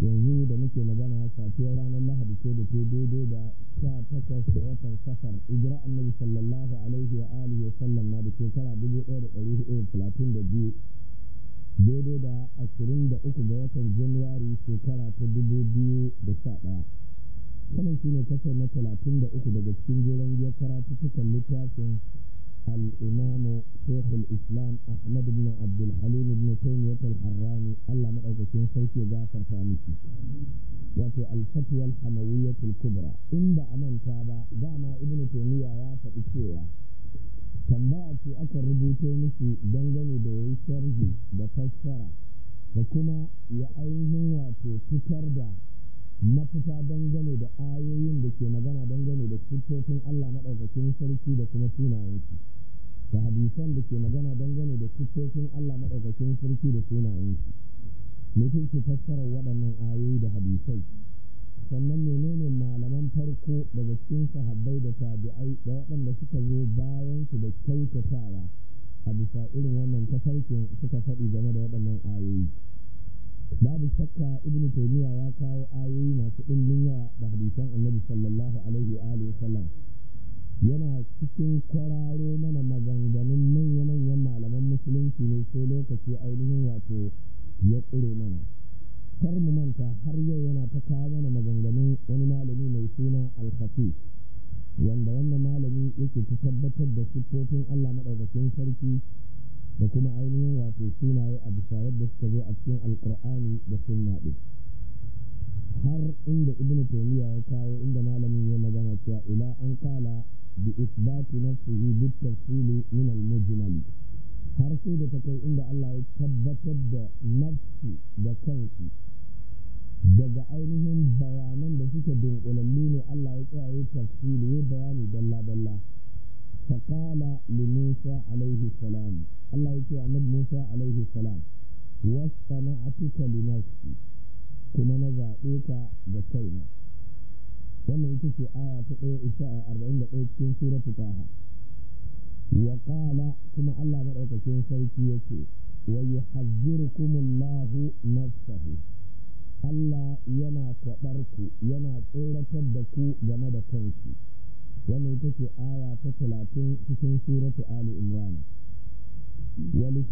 yanzu da muke magana safiyar ranar lahadi ce da ke daidai da sha takwas da watan safar ijira annabi sallallahu alaihi wa alihi wa sallam na da shekara dubu ɗaya da ɗari hudu da talatin da biyu daidai da ashirin da uku ga watan januwari shekara ta dubu biyu da sha ɗaya sanin shi ne kasar na talatin da uku daga cikin jeren biyar cikin littafin الإمام شيخ الإسلام أحمد بن عبد الحليم بن تيمية الحراني الله مدعوكين سيكي جعفر فاميكي وفي الفتوى الحموية الكبرى إن بأمن تابع دعما ابن تيمية يافع إسيوة tambaya ce aka rubuta miki dangane da yayi sharhi da fassara da kuma ya ainihin wato fitar da mafita dangane da ayoyin da ke magana dangane da siffofin Allah maɗaukacin sarki da kuma sunayensu. da hadisan da ke magana dangane da siffofin Allah maɗaukakin sarki da sunayen shi mutum ke fassara waɗannan ayoyi da hadisai sannan menene malaman farko daga cikin sahabbai da tabi'ai da waɗanda suka zo bayan su da kyautatawa a bisa irin wannan tafarkin suka faɗi game da waɗannan ayoyi babu shakka ibn taymiya ya kawo ayoyi masu ɗimbin yawa da hadisan annabi sallallahu alaihi wa sallam yana cikin kwararo mana maganganun manya-manyan malaman musulunci ne sai lokaci ainihin wato ya ƙure mana kar mu manta har yau yana ta kawo mana maganganun wani malami mai suna alfafi wanda wannan malami yake ta tabbatar da siffofin allah maɗaukacin sarki da kuma ainihin wato sunaye a bisa yadda suka zo a cikin alkur'ani da sunna ɗin har inda ibnu taymiya ya kawo inda malamin ya magana cewa ila an kala isbati har sai da ta kai inda allah ya tabbatar da nafsi da بكنسي daga ainihin bayanan da suke dunkulalli ne Allah ya tsaye ya tafsiri ya bayani dalla dalla fa qala li musa alayhi salam Allah ya ce annabi musa alayhi salam wasana'atuka li nafsi kuma na zaɓe ka ga kaina wannan ita ce aya ta ɗaya a arba'in da ɗaya cikin suratu taha wa qala kuma Allah maɗaukacin sarki yake wa yuhazzirukumullahu nafsahu Allah yana kwaɓar ku yana tsoratar da ku game da kanki wannan ita ce aya ta talatin cikin suratu ali imran wa li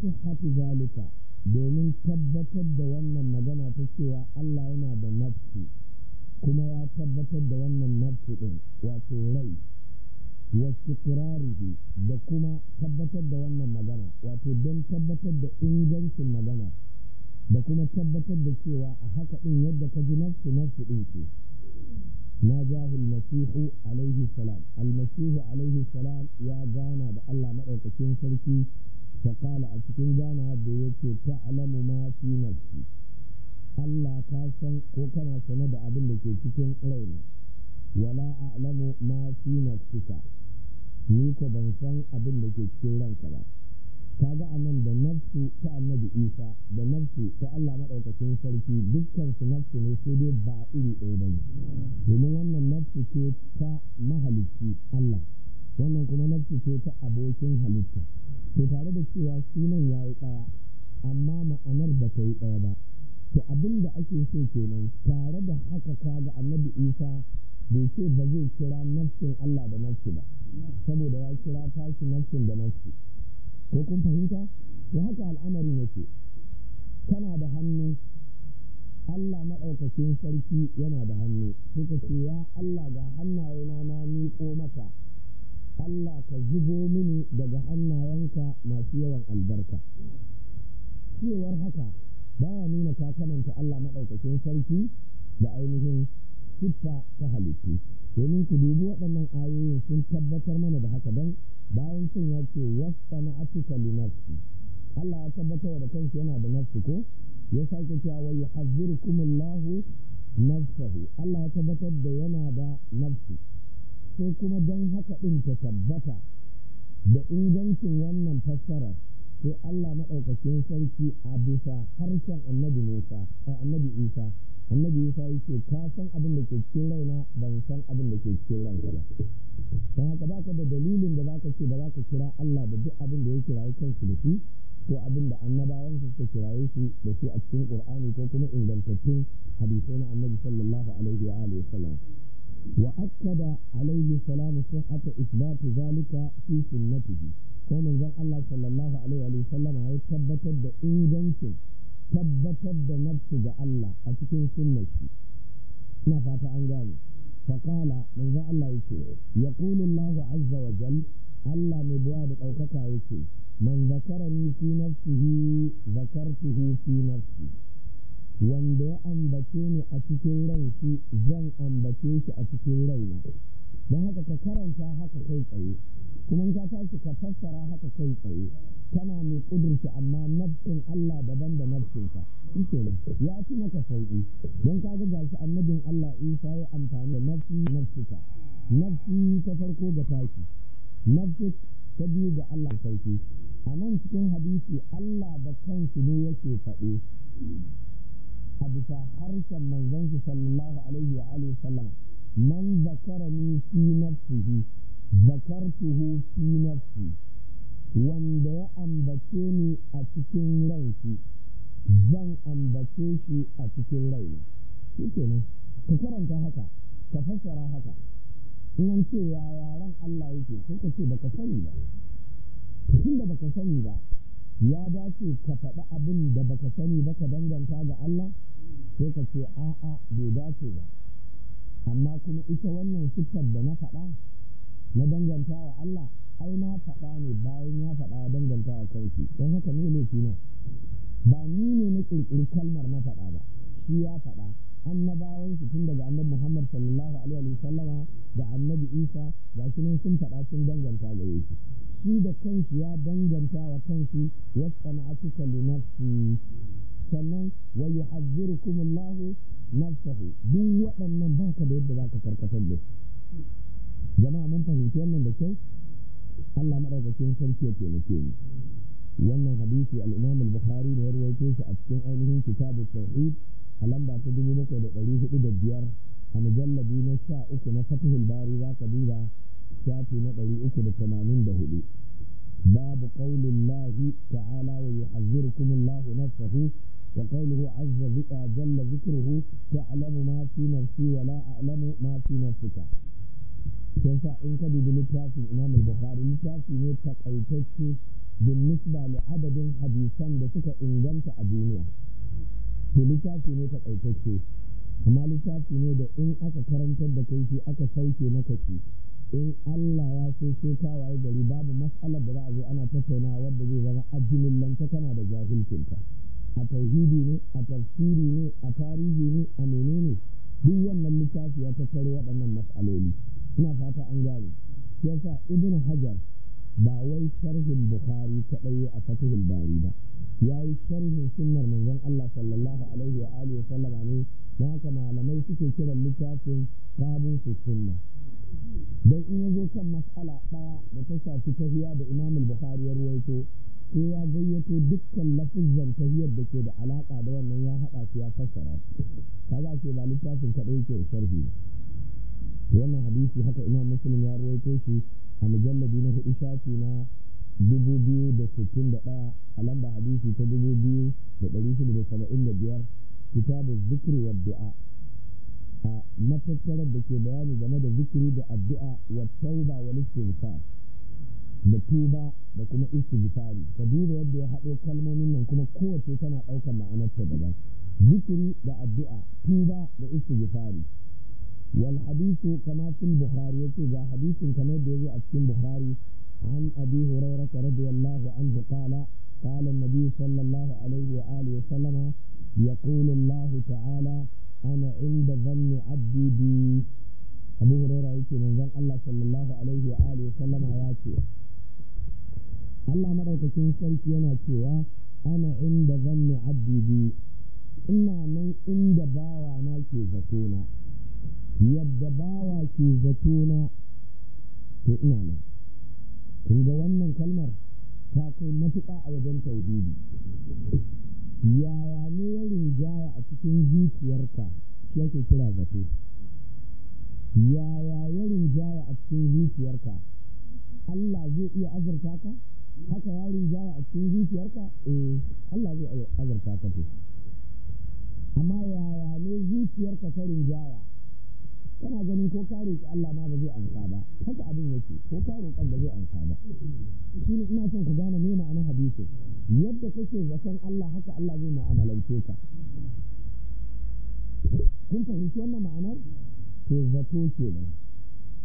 zalika domin tabbatar da wannan magana ta cewa Allah yana da nafsi kuma ya tabbatar da wannan nafsu ɗin wato rai wasu kirarihi da kuma tabbatar da wannan magana wato don tabbatar da ingancin magana da kuma tabbatar da cewa a haka ɗin yadda ka ji nafsu nafsu ɗin ce na jahu almasihu alaihi salam almasihu alaihi salam ya gana da Allah maɗaukacin sarki ta a cikin gana da yake ta'lamu ma fi nafsi Allah ka san ko kana sane da abin da ke cikin raina wala a'lamu ma fi nafsika ni ko ban san abin da ke cikin ranka ba ga anan da nafsu ta annabi Isa da nafsu ta Allah madaukakin sarki dukkan su nafsu ne sai dai ba iri ɗaya bane domin wannan nafsu ce ta mahalicci Allah wannan kuma nafsu ce ta abokin halitta to tare da cewa sunan ya yi ɗaya amma ma'anar ba ta yi ɗaya ba to abin da ake so kenan tare da haka kaga annabi isa bai ce ba zai kira nafsin allah da nafsi ba saboda ya kira tashi nafsin da nafsi ko kun fahimta ya haka al'amari yake kana da hannu allah maɗaukacin sarki yana da hannu suka ce ya allah ga hannayena na miƙo maka allah ka zubo mini daga hannayenka masu yawan albarka cewar haka baya nuna ta kamanta Allah maɗaukacin sarki da ainihin siffa ta halittu domin ku dubi waɗannan ayoyin sun tabbatar mana da haka don bayan cin ya ce wasta na afika li nafsi Allah ya tabbatar da kansu yana da nafsi ko ya sake cewa wa yuhazzirukumullahu nafsahu Allah ya tabbatar da yana da nafsi sai kuma don haka ɗin ta tabbata da ingancin wannan fassarar sai Allah maɗaukacin sarki a bisa harshen annabi Musa a annabi Isa annabi Isa yake ka san abin da ke cikin raina ban san abin da ke cikin ranka ba don haka baka da dalilin da ka ce ba za ka kira Allah da duk abin da ya kirayi su da shi ko abin da annabawan su suka kiraye su da su a cikin Qur'ani ko kuma ingantattun hadisai na Annabi sallallahu alaihi wa alihi wasallam wa akkada alaihi salamu sihhata isbatu zalika fi sunnatihi sai manzon Allah sallallahu alaihi wa sallama ya tabbatar da ingancin tabbatar da nafsu ga Allah a cikin sunnar shi ina fata an gane فقال من ذا الله يكي يقول الله عز وجل الله نبواد أوكاكا man من ذكرني fi nafsihi zakartuhu fi nafsi wanda ya ambace ni a cikin ranki zan ambace shi a cikin raina don haka ka karanta haka kai tsaye kuma ta ka tashi ka fassara haka kai tsaye kana mai kudurci amma nafsin Allah daban da nafsin ka ya fi maka sauki don ka ga gashi annabin Allah Isa ya amfani da nafsi ka nafsi ta farko ga taki nafsi ta biyu ga Allah sauki a nan cikin hadisi Allah da kansu ne yake faɗe a bisa harshen manzon shi sallallahu alaihi wa alihi sallama man zakarani fi nafsihi zakartuhu fi nafsi wanda ya ambace ni a cikin ranki zan ambace shi a cikin raina shi kenan ka karanta haka ka fassara haka in ce ya yaran Allah yake ko ka ce baka sani ba tun da baka sani ba ya dace ka faɗi abin da baka sani ba ka danganta ga Allah sai ka ce a'a bai dace ba amma kuma ita wannan siffar da na faɗa na danganta wa Allah ai na faɗa ne bayan ya faɗa ya danganta wa kanshi don haka ne laifi nan ba ni ne na ƙirƙiri kalmar na faɗa ba shi ya faɗa annabawan su tun daga annabi Muhammad sallallahu alaihi wa sallama da annabi Isa ga shi nan sun faɗa sun danganta ga yake shi da kanshi ya danganta wa kanshi wasta na atuka li nafsi sannan wa yuhazzirukum Allah nafsahu duk waɗannan ka da yadda ka karkatar da jama'a mun fahimci wannan da kyau Allah madaukakin sarki ya taimake mu wannan hadisi al-Imam al-Bukhari ne ya shi a cikin ainihin kitabu tauhid a lamba ta dubu bakwai da ɗari hudu da biyar a mujallabi na sha uku na fatihul bari za ka duba shafi na ɗari uku da tamanin da hudu babu ƙaunin lahi ta'ala wa yuhazzirukum Allahu nafsahu وقوله عز جل ذكره تعلم ما في نفسي ولا أعلم ما في نفسك yasa in ka dubi littafin imam bukhari littafi ne takaitacce bin nisba li hadisan da suka inganta a duniya to littafi ne takaitacce amma littafi ne da in aka karantar da kaifi aka sauke na shi in Allah ya so sai ka waye gari babu mas'alar da za a ana tattaunawa wadda zai zama ajilin lanta kana da jahilcinta. a tauhidi ne a tafsiri ne a tarihi ne a menene duk wannan littafi ya karo waɗannan mas'aloli ina fata an gane yasa ibn hajar ba wai sharhin bukhari kaɗai a fatihul bari ba ya yi sharhin sunnar manzon Allah sallallahu alaihi wa alihi wa sallama ne na haka malamai suke kiran littafin babu sunna don in ya zo kan mas'ala ɗaya da ta shafi tahiya da imam bukhari ya ruwaito ko ya gayyato dukkan lafizan tahiyar da ke da alaƙa da wannan ya haɗa shi ya fassara shi kaga ce ba littafin kaɗai ke sharhi ba wannan hadisi haka imam muslim ya ruwaito shi a mujalladi na hudu shafi na dubu biyu da sittin da daya a lamba hadisi ta dubu biyu da dari shida da saba'in da biyar kitabu zikri wa du'a a matattarar da ke bayani game da zikiri da addu'a wa tauba wa istighfar da tuba da kuma istighfari ka duba yadda ya haɗo kalmomin nan kuma kowace tana ɗaukar ma'anarta daban zikiri da addu'a tuba da istighfari wal hadisu kama fil bukhari yace ga hadisin kamar da zo a cikin bukhari an abi hurairah radiyallahu anhu qala قال النبي صلى الله عليه وآله وسلم يقول الله ta'ala. ana inda zanni abdi bi abu hurera yake manzon Allah sallallahu alaihi wa alihi sallama ya ce Allah madaukakin sarki yana cewa ana inda zanni abdi bi ina nan inda bawa na ke zato na yadda bawa ke zato na to ina nan kun ga wannan kalmar ta kai matuƙa a wajen tauhidi yaya ne ya rinjaya a cikin zuciyarka shi yake kira zato yaya ya rinjaya a cikin zuciyarka Allah zai iya azurta ka haka ya rinjaya a cikin zuciyarka eh Allah zai iya azurta ka to amma yaya ne zuciyarka ta rinjaya kana ganin ko ka roƙi Allah ma ba zai amsa ba haka abin yake ko ka roƙan ba zai amsa ba shine ina son ku gane me ma'anar hadisi yadda kake zaton Allah haka Allah zai mu'amalance ka kun fahimci wannan ma'anar to zato ke nan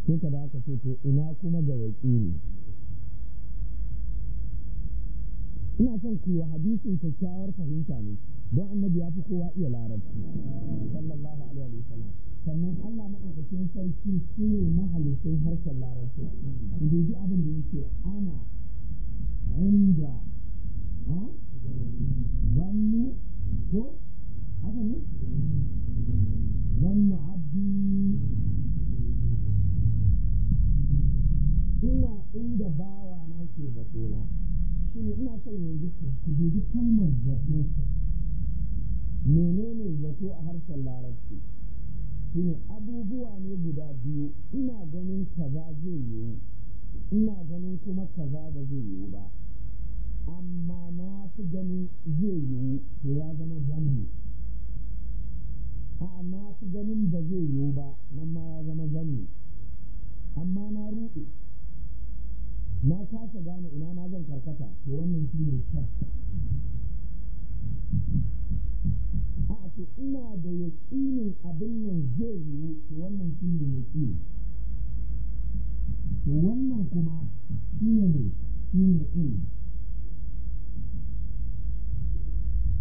sai ka da aka ce to ina kuma ga ne ina son ku yi hadisin kyakkyawar fahimta ne don annabi ya fi kowa iya larabci sallallahu alaihi wa sallam. sannan Allah maɗaukakin sarki shi ne mahalicin harshen larabci ku dubi abin da yake ana inda zannu ko haka ne zannu abdi ina inda bawa na ke batona shi ne ina son yanzu ku dubi kalmar zato menene zato a harshen larabci shine abubuwa ne guda biyu ina ganin kaza zai yiwu ina ganin kuma kaza ba zai yiwu ba amma na fi ganin zai yiwu to ya zama zanni a'a na fi ganin ba zai yiwu ba nan ma ya zama zanni amma na ruɗe na kasa gane ina ma zan karkata to wannan shine shan da yaƙinin abin nan zai yiwu to wannan shi ne yaƙini to wannan kuma shi ne ne shi ne ilmi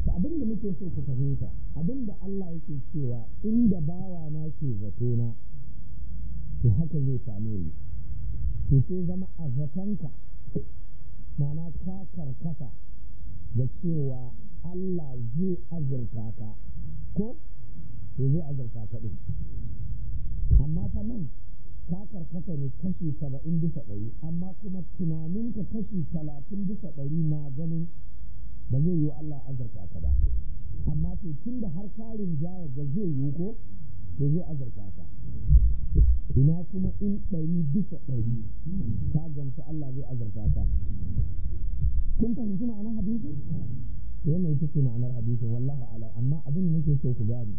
ta abin da muke so ku fahimta abin da Allah yake cewa inda bawa na ke zatona to haka zai same ni to sai zama a zatonka mana ka karkata da cewa Allah zai azurta ka ko to zai azurta ka ɗin amma fa nan ka karkata ne kashi saba'in bisa ɗari amma kuma tunaninka kashi talatin bisa ɗari na ganin ba zai yiwu Allah azurta ka ba amma to tun da har karin jaya ga zai yiwu ko to zai azurta ka ina kuma in ɗari bisa ɗari ka gamsu Allah zai azurta ka kun fahimci ma'anar hadisi? wannan ita ce ma'anar hadisi wallahu ala amma abin da nake so ku gane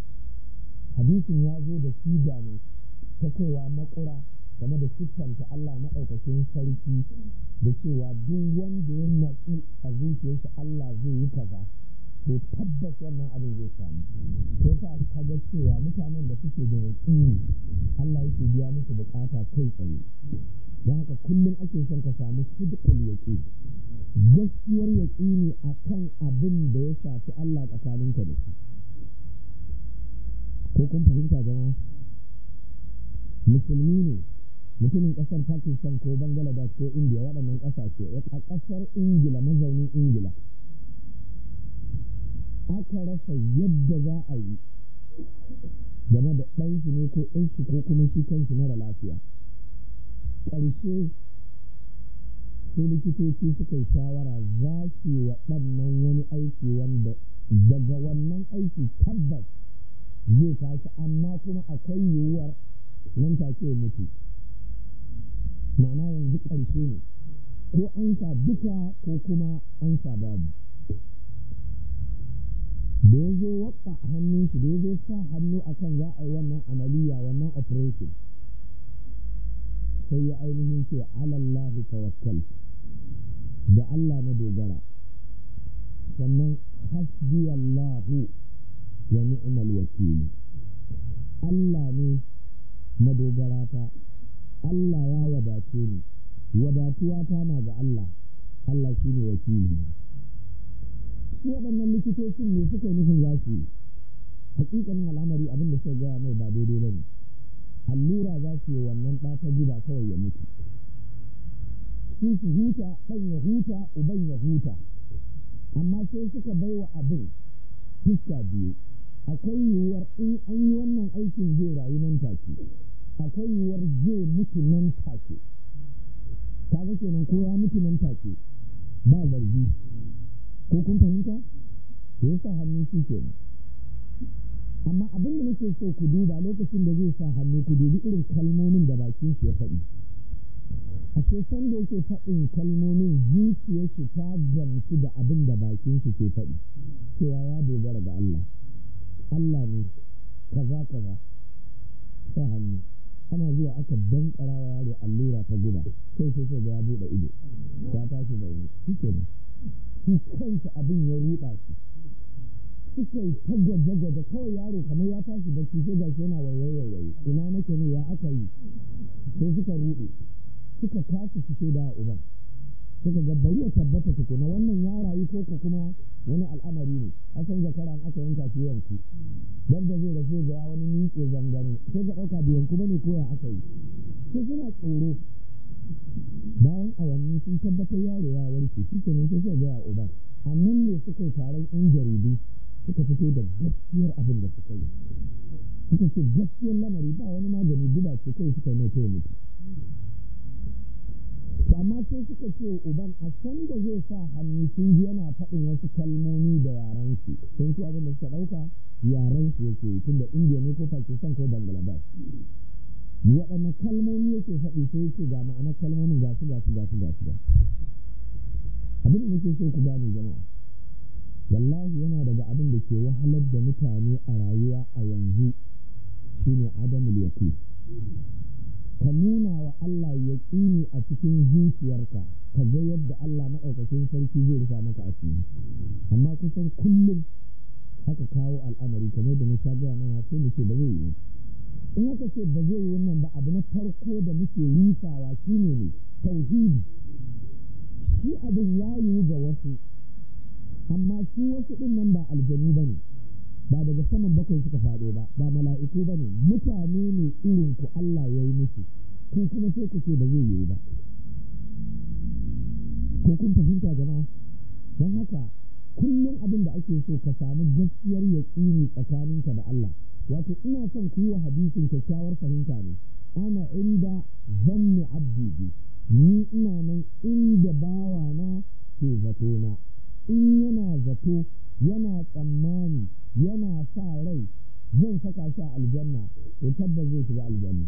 hadisin ya zo da siga ne ta cewa makura game da siffanta Allah maɗaukacin sarki da cewa duk wanda ya natsu a zuciyarsa Allah zai yi kaza to tabbas wannan abin zai samu ko sa ka ga cewa mutanen da suke da yaƙini Allah yake biya musu bukata kai tsaye don haka kullum ake son ka samu sidqul yaki gaskiyar yaƙini akan abin da ya shafi Allah tsakaninka da shi ko kun fahimta jama'a musulmi ne mutumin kasar pakistan ko bangladesh ko india waɗannan ƙasashe a ƙasar ingila mazaunin ingila aka rasa yadda za a yi game da ɗansu ne ko ɗansu ko kuma shi kansu mara lafiya ƙarshe su likitoci suka yi shawara za su yi wa wani aiki wanda daga wannan aiki tabbas zai tashi amma kuma akwai yiwuwar nan take mutu ma'ana yanzu ƙarshe ne ko an sa duka ko kuma an sa babu da ya zo waɓa a hannun shi da ya zo sa hannu a kan za a yi wannan amaliya wannan operation sai ya ainihin ce alallahi tawakkal da Allah na dogara sannan hasbi Allahu wa ni'mal wakili Allah ne madogarata Allah ya wadace ni wadatuwa ta na ga Allah Allah shi ne wakili su waɗannan likitocin ne suka yi nufin za su yi hakikanin al'amari abin da suka gaya mai ba daidai ba ne allura za su yi wannan ɗa ta kawai ya mutu su su huta ɗan ya huta uban ya huta amma sai suka bai wa abin fuska biyu akwai yiwuwar in an yi wannan aikin zai rayu nan take akwai yiwuwar zai mutu nan take ta ga kenan ko ya mutu nan take ba zargi ko kun fahimta ya sa hannu shi kenan amma abin da nake so ku duba lokacin da zai sa hannu ku dubi irin kalmomin da bakin shi ya faɗi a ce san da yake faɗin kalmomin zuciyarsu ta gamsu da abin da bakin shi ke faɗi cewa ya dogara ga Allah Allah ne kaza kaza sa hannu ana zuwa aka dankara wa yaro allura ta guba sai sai sai ya bude ido ya tashi da wuri shike ne shi kansa abin ya ruda shi suka ta gwaje-gwaje kawai yaro kamar ya tashi shi sai ga shi yana waiwaiwaiwai ina nake ne ya aka yi sai suka rude suka tashi su da uban suka ga bari ya tabbata su na wannan ya rayu ko ku kuma wani al'amari ne a asan zakara an aka yanka su yanku dan da zai rafe ga wani miƙe zangare sai ga ɗauka biyan kuma ne ko ya aka yi sai suna tsoro bayan awanni sun tabbatar yaro ya warke shi kenan sai suka gaya uba a nan ne suka yi taron yan jaridu suka fito da gaskiyar abin da suka yi suka ce gaskiyar lamari ba wani magani guba ce kawai suka yi na mutu to amma sai suka ce uban a san da zai sa hannu sun ji yana faɗin wasu kalmomi da yaran su sun su abin da suka ɗauka yaran su yake tun da indiya ne ko pakistan ko bangladesh waɗanne kalmomi yake faɗi sai yake ga ma'anar kalmomin ga su ga su ga su abin da nake so ku gane jama'a wallahi yana daga abin da ke wahalar da mutane a rayuwa a yanzu shine adamul yaqin ka nuna wa Allah ya tsini a cikin zuciyarka ka ga yadda Allah maɗaukacin sarki zai rufa maka a cikin amma kusan kullum haka kawo al'amari kamar da na sha gaya mana sai mu ce ba zai yi in haka ce ba zai yi wannan ba abu na farko da muke rufawa shi ne ne tauhidi shi abin ya yiwu ga wasu amma su wasu ɗin nan ba aljanu ba ne ba daga saman bakwai suka faɗo ba ba mala'iku ba ne mutane ne irin ku Allah ya yi musu ku kuma sai ku ce ba zai yiwu ba ko kun fahimta jama'a don haka kullum abin da ake so ka samu gaskiyar yaƙini tsakaninka da Allah wato ina son ku yi wa hadisin kyakkyawar fahimta ne ana inda zanni abdi ni ina nan inda bawa na ke zato na in yana zato yana tsammani yana sa rai zan saka shi a aljanna to tabbas zai shiga aljanna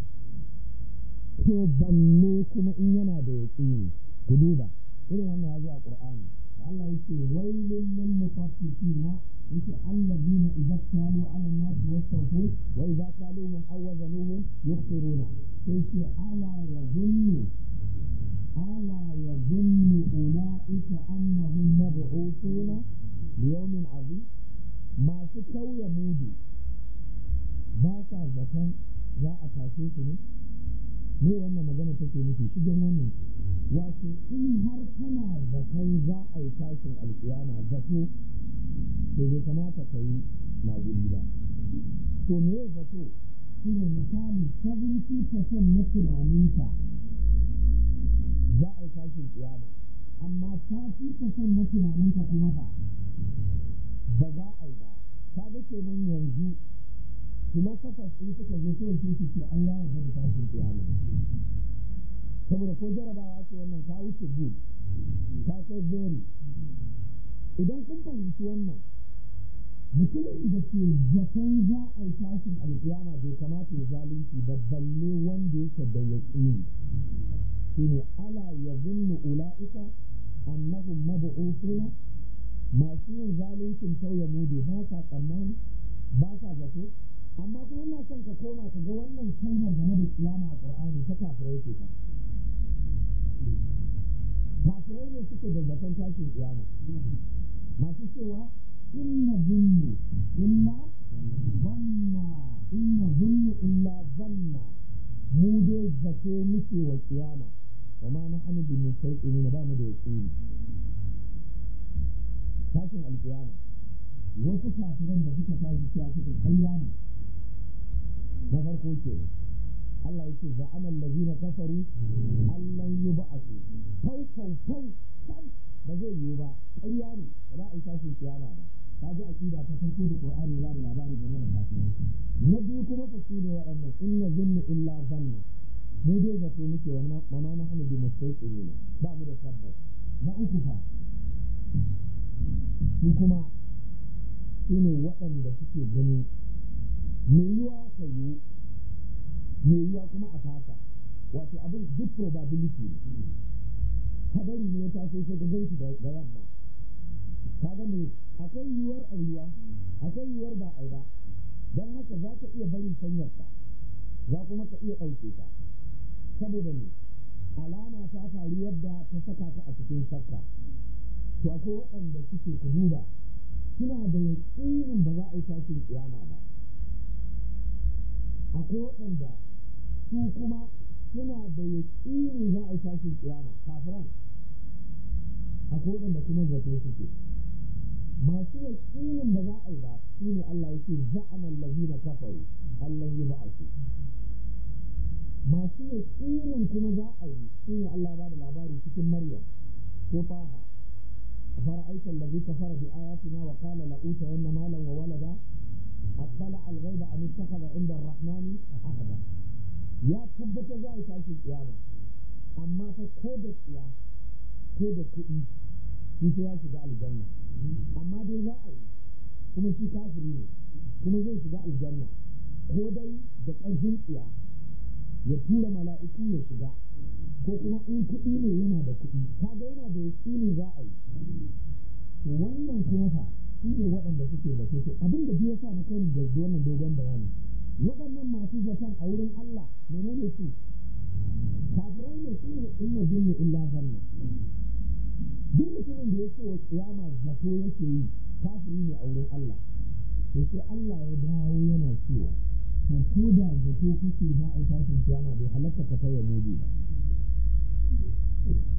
ko banne kuma in yana da yaƙini ku duba irin wannan ya zo a qur'ani Allah yake wailul lil mutaffifina yake allazina idza kalu ala nasi yastawfu wa idza kaluhum aw wazanuhum yukhsiruna sai ce ala yazunnu ala yazunnu ulaika annahum suna liyawmin 'azim masu sauya mudu ba sa zaton za a tashe su ne me wannan magana take nufi shigen wannan wato in har kana zaton za a yi tashin alkiyama zato to bai kamata ka yi maguri ba to me zato shi ne misali son na tunaninka za a yi tashin kiyama amma son na tunaninka kuma ba ba za a ta ga nan yanzu filosofas ɗin suka zo sai su su ce an ya ta fi tashin ne saboda ko jarabawa ce wannan ta wuce good ta kai very idan kun fahimci wannan mutumin da ke zaton za a yi tashin alkiyama bai kamata ya zalunci ba balle wanda yake da yaƙini ne ala yazunnu ula'ika annahum suna. masu yin zaluncin tauye mudu ba sa tsammani ba sa zato amma kuma ina son ka koma ka ga wannan kalmar da da kiyama a qur'ani ta kafirai ce ta kafirai ne suke da zaton tashin kiyama masu cewa inna zunnu illa zanna inna zunnu illa zanna mu zato muke wa kiyama wa ma na anu bi ne ba mu da yaqini tashin alkiyama wasu kafiran da suka tashi cewa suka karya ne na farko ke Allah ya ce za amal lazina kafaru allan yi ba a su fau fau ba zai yiwu ba karya ne ba za a yi tashin kiyama ba ta ji aƙida ta farko da ƙur'ani ba da labari game da kafirai na biyu kuma ka su ne waɗannan inna zunnu illa zanna mu dai zato muke wa ma na hannu bi ne ba mu da tabbas na uku fa su kuma ne waɗanda suke gani mai yiwa ka yi mai yiwa kuma a fasa wato abin duk probability ne hadari ne ya taso sai ka gaisu da yamma ka ga me akwai yiwuwar yiwuwa akwai yiwuwar ba yi ba don haka za ka iya barin sanyarta za kuma ka iya ɗauke ta saboda ne alama ta faru yadda ta saka ka a cikin shakka to akwai waɗanda suke ku duba suna da yaƙinin ba za a yi tashin kiyama ba akwai waɗanda su kuma suna da yaƙinin za a yi tashin kiyama kafiran akwai waɗanda kuma zato suke masu yaƙinin ba za a yi ba su ne Allah ya ce za'aman na kafaru Allah yi ba a su masu yaƙinin kuma za a yi su ne Allah ya ba da labari cikin Maryam ko Taha fara أفرأيت الذي كفر بآياتنا وقال لأوتين مالا وولدا أطلع الغيب أم اتخذ عند الرحمن عهدا يا تبت زي تاشي قيامة ko da يا ko da kuɗi sai ya shiga aljanna amma dai za a yi kuma shi kafiri ne kuma zai shiga aljanna ko dai da ƙarfin tsiya ya tura mala'iku ya shiga ko kuma in kuɗi ne yana da kuɗi kaga yana da yaƙini za a yi wannan kuma fa su ne waɗanda suke da abinda abin da biya sa na kai da wannan dogon bayani waɗannan masu zaton a wurin Allah ne su kafirai ne su ne inna jinni illa zanna duk mutumin da ya ce wa kiyama zato yake yi kafiri ne a wurin Allah to sai Allah ya dawo yana cewa to ko da zato kake za a yi tashin kiyama bai halatta ka tawaye mubi ba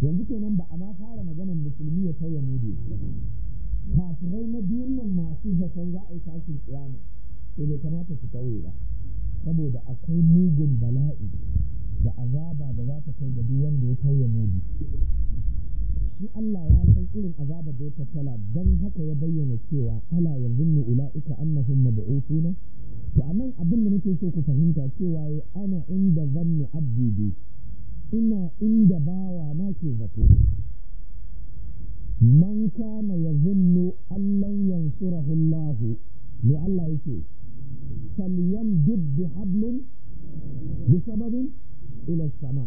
yanzu kenan ba a ma fara maganar musulmi ya sauya mudu kafirai na biyun nan masu zaton za a yi tashin tsiyama sai dai kamata su kauye ba saboda akwai mugun bala'i da azaba da za ta kai ga duk wanda ya kauye mudu shi Allah ya san irin azaba da ya tattala don haka ya bayyana cewa ala ne ula'ika annahum mab'usuna to anan abin da nake so ku fahimta cewa ya ana inda zanni abdi ina inda bawa na ke zato man kana ya zunnu allan yansurahu Allah ne Allah yake falyamdud bi hablin bi sababin ila sama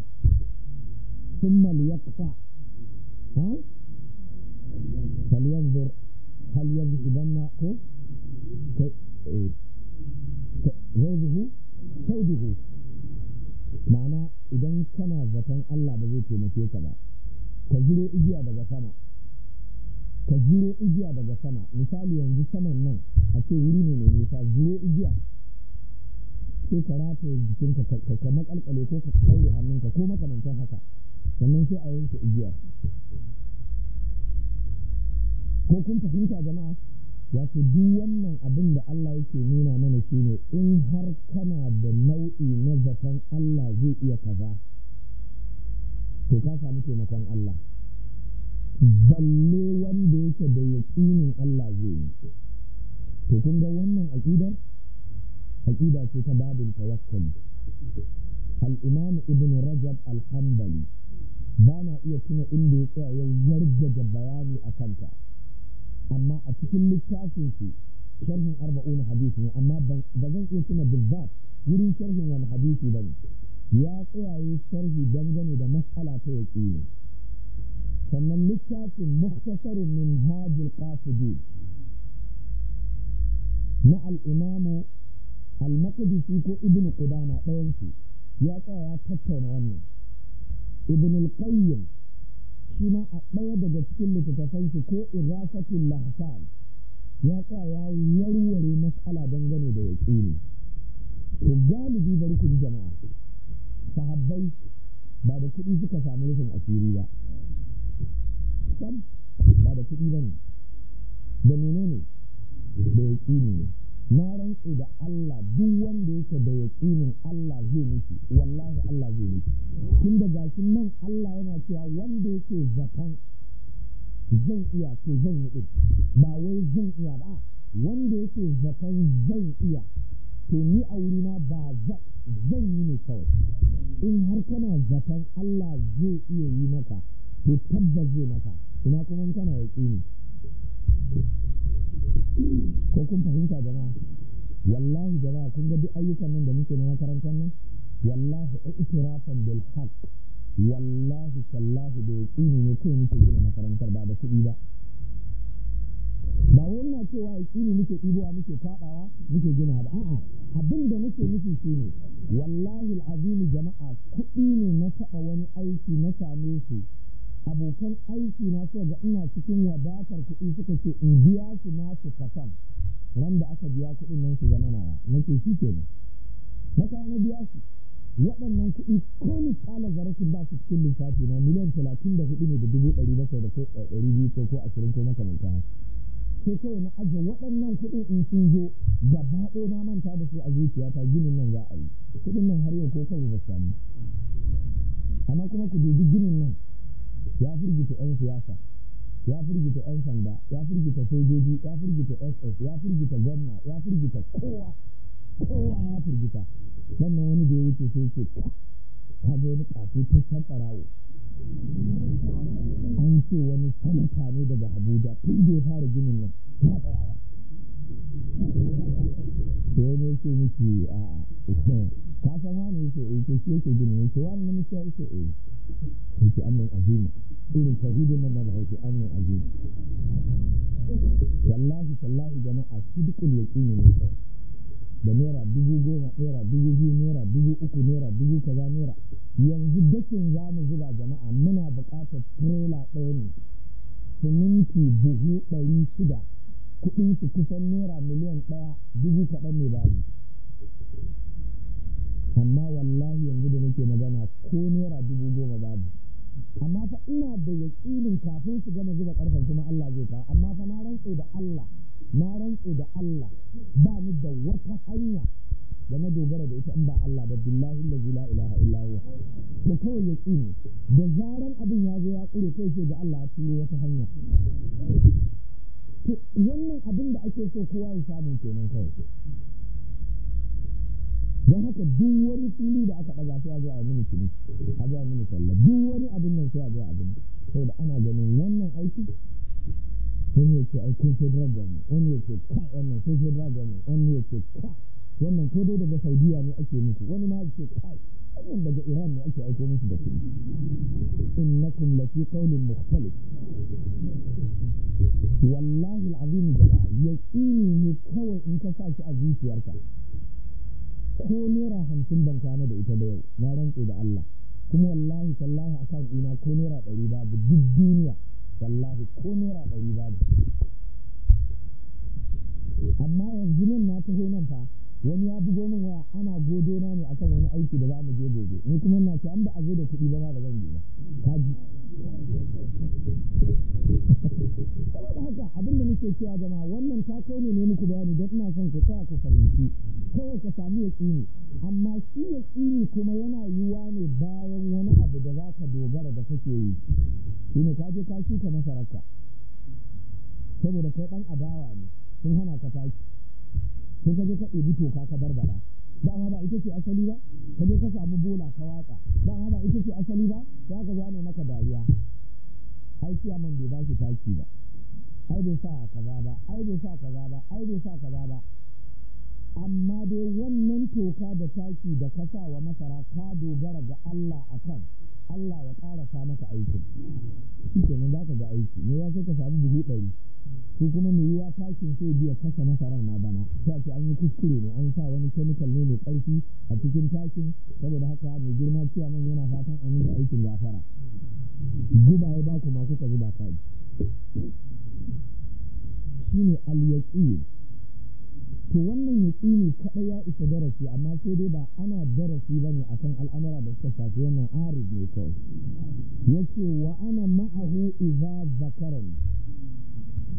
thumma liyaqta ha falyanzur hal yadhibanna ko غيظه كيده idan kana zaton Allah ba zai taimake ka ba ka ziro igiya daga sama ka jiro igiya daga sama misali yanzu saman nan a ce wuri ne mai nisa jiro igiya sai ka rataye jikinka ka makalkale ko ka kaure hannunka ko makamantan haka sannan sai a yanke igiya ko kun fahimta jama'a wato duk wannan abin da Allah yake nuna mana shine in har kana da nau'i na zaton Allah zai iya kaza to ka samu taimakon Allah balle wanda yake da yaƙinin Allah zai yi to kun ga wannan aƙidar aƙida ce ta babin tawakkali al-imam ibn rajab al-hanbali ba na iya tuna inda ya tsaya ya wargaje bayani a kanta amma a cikin littafin shi sharhin arba'una hadisi ne amma ba zan iya tuna bizzat wurin sharhin wani hadisi ba ne ya tsayaye sharhi dangane da matsala ta ne sannan littafin muktasarun min hajjil qasidi na al'imamu al-maqdisi ko ibn qudama su ya tsaya ya tattauna wannan ibn al shi ma a ɗaya daga cikin littattafan shi ko irasatul lahsan ya tsaya ya warware matsala dangane da yaƙini to galibi bari ku jama'a sahabbai ba da kuɗi suka samu rufin asiri ba sam ba da kuɗi ba ne da menene da yaƙini ne na rantsu da Allah duk wanda yake da yaƙinin Allah zai miki wallahi Allah zai miki tun da gashi nan Allah yana cewa wanda yake zakan zan iya to zan yi ba wai zan iya ba wanda yake zaton zan iya to ni a wuri na ba zan yi ne kawai in har kana zaton Allah zai iya yi maka to tabbas zai maka ina kuma kana yaƙini ko kun fahimta jama'a wallahi jama'a kun ga duk ayyukan nan da muke na makarantar nan wallahi itirafan bil haq wallahi sallahi da tsini ne kai muke gina makarantar ba da kuɗi ba ba wani na cewa tsini muke ɗibowa muke faɗawa muke gina ba a'a abin da nake nufi ne wallahi al'azim jama'a kuɗi ne na taɓa wani aiki na same su abokan aiki na sai ga ina cikin wadatar kuɗi suka ce in biya su na su kasan ran da aka biya kuɗin nan su zama nawa ke shi ke nan na kawo na biya su waɗannan kuɗi ko tsala zarafin ba su cikin lissafi na miliyan talatin da hudu ne da dubu ɗari bakwai da ko ɗari biyu ko ko ashirin ko makamantan haka ko kawai na ajiye waɗannan kuɗin in sun zo gaba ɗaya na manta da su a zuciyata ginin nan za a yi kuɗin nan har yau ko kawai ba su amma kuma ku dubi ginin nan ya firgita 'yan siyasa ya firgita 'yan sanda ya firgita sojoji ya firgita ss ya firgita gwamna ya firgita kowa kowa ya firgita sannan wani da ya wuce sai ce ka ga wani ƙafi ta san ɓarawo an ce wani sanata ne daga abuja tun da ya fara ginin nan ta tsayawa sai wani ya ce miki a'a ka san wani yake eh to shi yake gini yake wani namiji yake eh yake annan azima irin tauhidin nan da ba yake annan azima wallahi wallahi jama'a sidqul yaqini ne kai da naira dubu goma naira dubu biyu naira dubu uku naira dubu kaza naira yanzu dakin za mu zuba jama'a muna buƙatar tirela ɗaya ne siminti buhu ɗari shida kuɗin su kusan naira miliyan ɗaya dubu kaɗan ne babu amma wallahi yanzu da nake magana ko naira dubu goma babu amma fa ina da yaƙinin kafin su gama zuba ƙarfen kuma Allah zai kawo amma fa na rantse da Allah na rantse da Allah ba ni da wata hanya da na dogara da ita in ba Allah da billahi allazi la ilaha illa huwa to kawai yaƙini da zaran abin ya zo ya ƙure kai sai da Allah ya turo wata hanya wannan abin da ake so kowa ya samu kenan kawai don haka duk wani fili da aka ɗaga sai a zo a mini fili a zo a mini talla duk wani abin nan sai a zo a abin saboda ana ganin wannan aiki wani ya ce aikin ko federal government wani ya ce ka wannan sai federal government wani ya ce ka wannan ko dai daga saudiya ne ake muku wani ma ya ce kwa wannan daga iran ne ake aiko musu da kuɗi innakum lafi qawlin mukhtalif wallahi alazim jama'a yaqini ne kawai in ka sa shi a zuciyarka ko naira hamsin ban kwana da ita ba yau na rantse da Allah kuma wallahi sallahi akan ina ko naira ɗari babu duk duniya wallahi ko naira ɗari babu amma yanzu nan na taho nan fa wani ya bugo min waya ana godo na ne akan wani aiki da za mu je gobe ni kuma na ce an ba a zo da kuɗi ba ma da zan je ba kaji saboda haka abinda nake cewa jama'a wannan ta kai ne muku bayani don ina son ku tsaya ku fahimci kawai ka samu ya tsini amma shi ya tsini kuma yana yiwuwa ne bayan wani abu da za ka dogara da kake yi shi ne ka je ka shuka masararka saboda kai ɗan adawa ne sun hana ka taki sun ka je ka ɗebi toka ka barbara dama ba ita ce asali ba ka je ka samu bola ka watsa dama ba ita ce asali ba sai ka zane maka dariya ai ciyaman bai ba shi taki ba ai bai sa kaza ba ai bai sa kaza ba ai bai sa kaza ba amma dai wannan toka da taki da ka sa wa masara ka dogara ga Allah akan Allah ya ƙarasa maka aikin shi kenan za ka ga aiki ne ya sai ka samu buhu ɗari ko kuma mai yiwa takin sai biya kashe masarar ma bana ta ce an yi kuskure ne an sa wani kemikal ne mai ƙarfi a cikin takin saboda haka mai girma cewa nan yana fatan an yi aikin gafara guba ya ba ku ma kuka zuba kaji shi ne yaqin to wannan yaƙini kaɗai ya isa darasi amma sai dai ba ana darasi ba ne akan al'amura da suka shafi wannan arid ne kawai yace wa ana ma'ahu idza zakaran.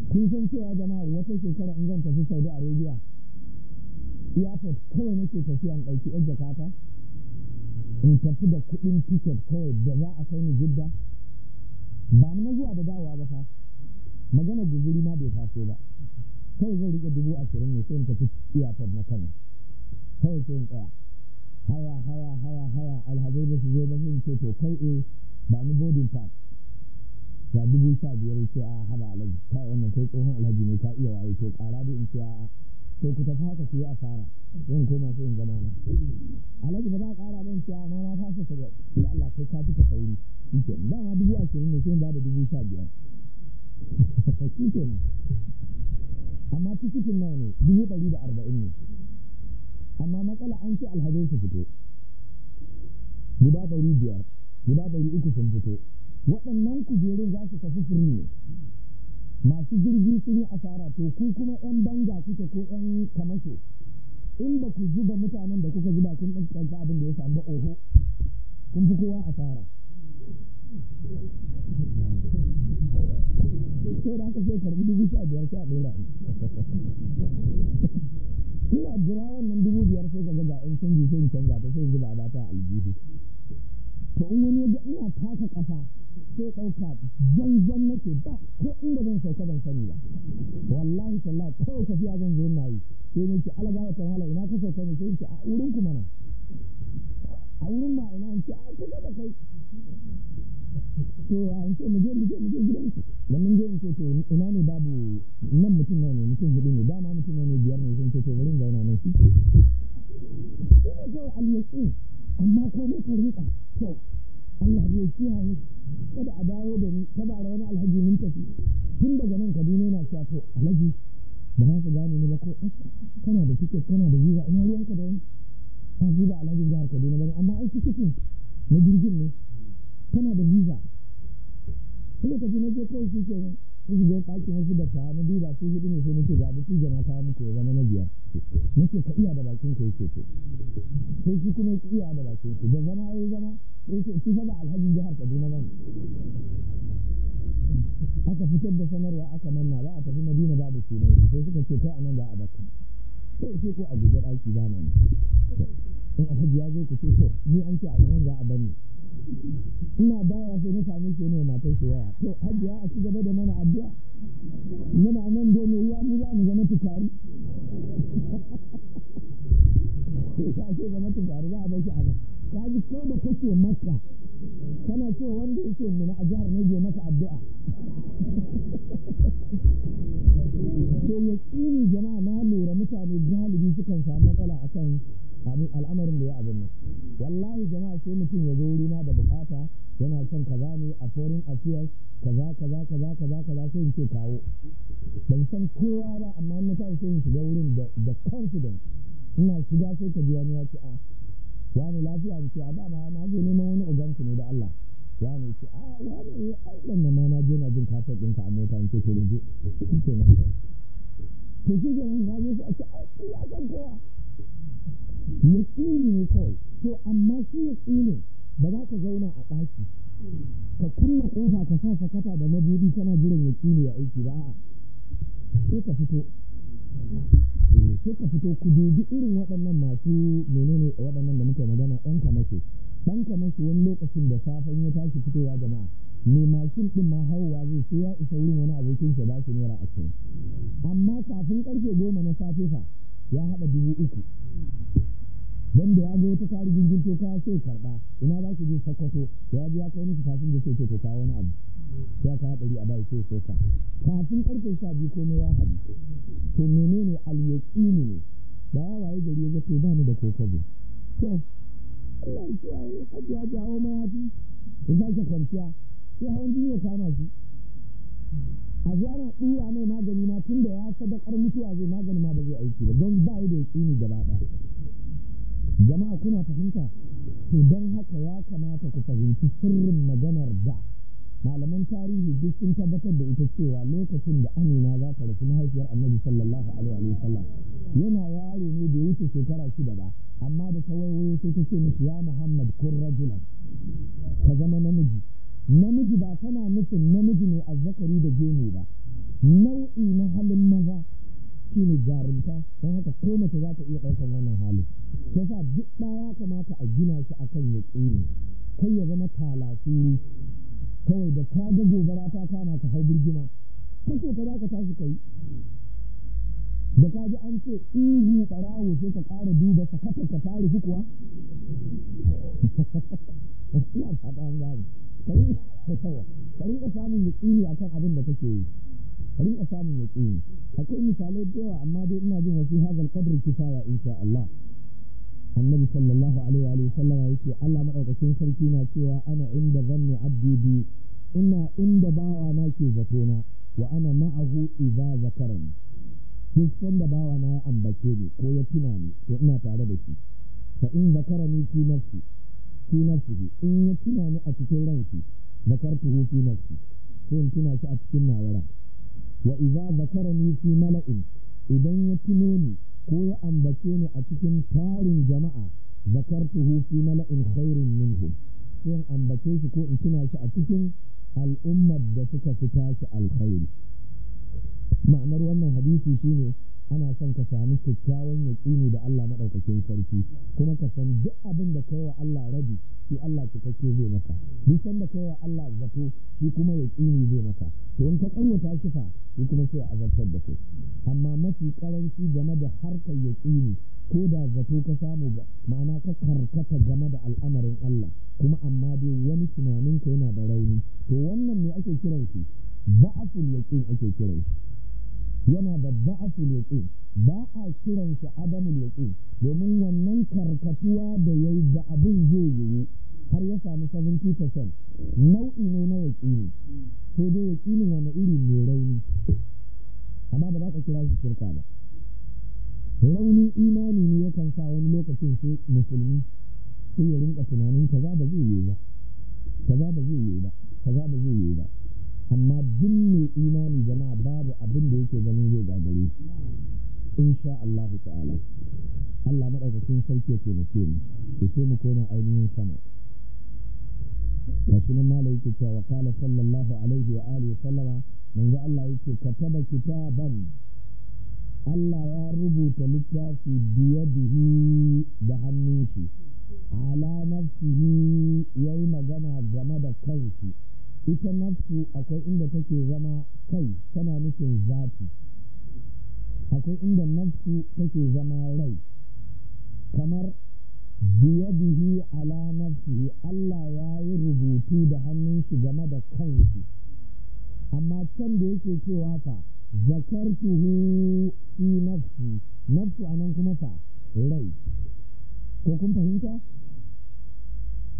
kun san cewa jama'a wata shekara in zan tafi Saudi Arabia airport kawai nake tafiya in ɗauki yan jakata in tafi da kuɗin tiket kawai da za a kai ni jidda ba na zuwa da dawowa ba fa magana guzuri ma bai taso ba kai zan rike dubu ashirin ne sai in tafi airport na kano kawai sai in tsaya haya haya haya haya alhazai ba su zo ba sai in ce to kai eh ba ni boarding pass ya dubu sha biyar ce a haba alhaji kai wannan kai tsohon alhaji ne ka iya waye to ƙara da in ce a to ku tafi haka ku yi asara zan koma sai in zama na alhaji ba za a ƙara ban ce a na na fasa ka da Allah kai ka fita sauri shi ke dama dubu ashirin ne sai in ba da dubu sha biyar shi ke nan amma tikitin nawa ne dubu ɗari da arba'in ne amma matsala an ce alhazai su fito guda ɗari biyar guda ɗari uku sun fito waɗannan kujerun za su tafi ne masu jirgi sun yi asara to ku kuma 'yan banga kuke ko 'yan kamasho in ba ku zuba mutanen da kuka zuba kun ɗan abin da ya samu oho kun fi kowa asara sai da aka sai karbi dubu sha biyar sha ɗora ina jira wannan dubu biyar sai ka ga ga in canji sai in canza ta sai zuba ba ta aljihu to in wani ya ina taka kasa sai ɗauka zanzan nake ba ko inda zan sauka ban sani ba wallahi tallahi kawai tafiya zan zo na yi sai ne ki alaga wata hala ina ka sauka ne sai ki a wurin kuma mana a wurin ma ina in ce a kusa da kai to a in ce mu je mu je mu je gidanku dan mun je in ce ina ne babu nan mutum na ne mutum hudu ne dama mutum nawa ne biyar ne sun ce to bari in zauna nan shi ina kawai al amma ko ne ka rika to Allah zai kiyaye kada a dawo da ni kada a wani alhaji mun tafi tun daga nan Kaduna na cewa to alhaji ba na ka gane ni ba ko kana da tiket kana da visa ina ruwanka da wani ta visa alhaji jihar Kaduna ba amma aiki na jirgin ne tana da visa lokaci na je kawai shi kenan in je ɗakin wasu da ta na duba su hudu ne sai nake ga baki jana kawo muku ya zama na biyar nake ka iya da bakin ka yake to sai shi kuma ya iya da bakin shi da zama ya zama yake shi fa ba alhaji jihar Kaduna ba aka fitar da sanarwa aka manna za a tafi Madina babu sunan shi sai suka ce kai anan za a baka sai ce ko a guje ɗaki nan in alhaji ya zo ku ce to ni an ce a nan za a bani ina dawa sai na sami ke ne matar su waya to hajiya a ci gaba da mana addu'a muna nan da mai ruwa mu za mu zama tukari ya ce zama tukari za a bar shi a nan ka ji ko da kake maka kana ce wanda yake nuna a jihar Niger maka addu'a to yaƙini jama'a na lura mutane galibi sukan samu matsala akan al'amarin da ya abin nan wallahi jama'a sai mutum ya zo na da bukata yana son kaza ne a foreign affairs kaza kaza kaza kaza kaza sai in ce kawo ban san kowa ba amma na sa sai in shiga wurin da confidence ina shiga sai ka biya ni ya ce a ah, wani lafiya in ce a ah, dama na je neman wani ogansu ne da Allah wani ce a ah, wani eh, ai ban na ma na je na jin kasar dinka a mota in ce to je to na to shi ga na je sai a ce ai ya san kowa yasiri ne kawai to amma shi ya tsine ba za ka zauna a ɗaki ka kunna ƙofa ka sa sakata da mabudi kana jiran ya tsine ya aiki ba a'a sai ka fito sai ka fito ku dubi irin waɗannan masu menene waɗannan da muke magana ɗan kamashe ɗan kamashe wani lokacin da safen ya tashi fitowa jama'a mai mashin ɗin ma hauwa zai sai ya isa wurin wani abokin shi ba shi naira ashirin amma kafin ƙarfe goma na safe fa ya haɗa dubu uku wanda ya ga wata kari jirgin to kaya sai karba ina za ki je sakwato da ya ji ya kai miki fasin da sai ce wani abu ya ka ɗari a bai sai soka kafin karfe sha biyu komai ya haɗu to menene al ne da ya waye gari ya ce ba ni da kokobo to Allah ya yi hajji ya jawo mayafi in ki kwanciya sai hawan jini ya kama shi a zuwa na ɗura mai magani ma tun da ya sadakar mutuwa zai magani ma ba zai aiki ba don ba yi da yaƙini gaba ɗaya jama'a kuna fahimta to don haka ya kamata ku fahimci sirrin maganar da malaman tarihi duk sun tabbatar da ita cewa lokacin da amina za ta rasu mahaifiyar annabi sallallahu alaihi wa sallam yana yaro ne da wuce shekara shida ba amma da ta waiwayo sai ta ce mishi ya muhammad kun rajulan ka zama namiji namiji ba tana nufin namiji ne a zakari da gemu ba nau'i na halin maza shine jarumta don haka ko mace za ta iya ɗaukar wannan halin sai sa duk ɗaya kamata a gina shi akan ya tsere kai ya zama talasuru kawai da ka ga gobara ta kama ka hau birgima ce ta za ka tashi kai da ka ji an ce ihu ɓarawo sai ka ƙara duba sakata ka tare shi kuwa ina fata an gane ka ka rinka samun yaƙini akan abin da kake yi ka rinka samun yaƙini akwai misalai da yawa amma dai ina jin wasu hazal kadar kifaya insha Allah annabi sallallahu alaihi wa sallama ce Allah maɗaukacin sarki na cewa ana inda zan abdi bi ina inda bawa na ke zato na wa ana ma'ahu zakara zakarani duk sanda bawa na ya ambace ni ko ya tuna ni to ina tare da shi fa in zakarani fi nafsi fi nafsihi in ya tuna ni a cikin ranki zakartuhu fi nafsi ko in tuna shi a cikin nawara wa idza zakarani fi mala'in idan ya tuno ni ko ya ambace ni a cikin tarin jama'a zakartuhu fi mala'in khairin minhum sai in ambace shi ko in tuna shi a cikin al'ummar da suka fi tashi alkhairi ma'anar wannan hadisi shine ana son ka sami kyakkyawan yaƙini da Allah maɗaukakin sarki kuma ka san duk abin da kai wa Allah rabi shi Allah cikakke zai maka duk sanda kai wa Allah zato shi kuma ne zai maka to in ka ƙanwata shi fa shi kuma sai a da kai amma mafi ƙaranci game da harkar yaƙini ko da zato ka samu ga ma'ana ka karkata game da al'amarin Allah kuma amma dai wani tunaninka yana da rauni to wannan ne ake kiran shi ba'aful yaqin ake kiran shi yana da ba'aful leƙe ba a kiran shi adamu leƙe domin wannan karkatuwa da yi da abin zai yiwu har ya samu 70% nau'i ne na ne sai dai ne wani iri ne rauni amma ba za ka kira shi shirka ba rauni imani ne yakan sa wani lokacin sai musulmi sai ya rinka tunanin kaza ba zai yiwu ba kaza ba zai yiwu ba kaza ba zai yiwu ba amma duk mai imani jama'a babu abin da yake ganin zai gagare shi insha Allah ta'ala Allah madaukakin sarki yake na ce mu sai mu koma ainihin sama gashi nan malai yake cewa wa qala sallallahu alaihi wa alihi sallama manzo Allah yake kataba kitaban Allah ya rubuta littafi biyadihi da hannun shi ala nafsihi ita nafsu akwai inda take zama kai tana nufin zafi akwai inda nafsu take zama rai kamar biyadihi ala nafsihi Allah ya yi rubutu da hannun game da kansu amma can da yake cewa fa zakartuhu fi nafsi nafsu nan kuma fa rai ko kun fahimta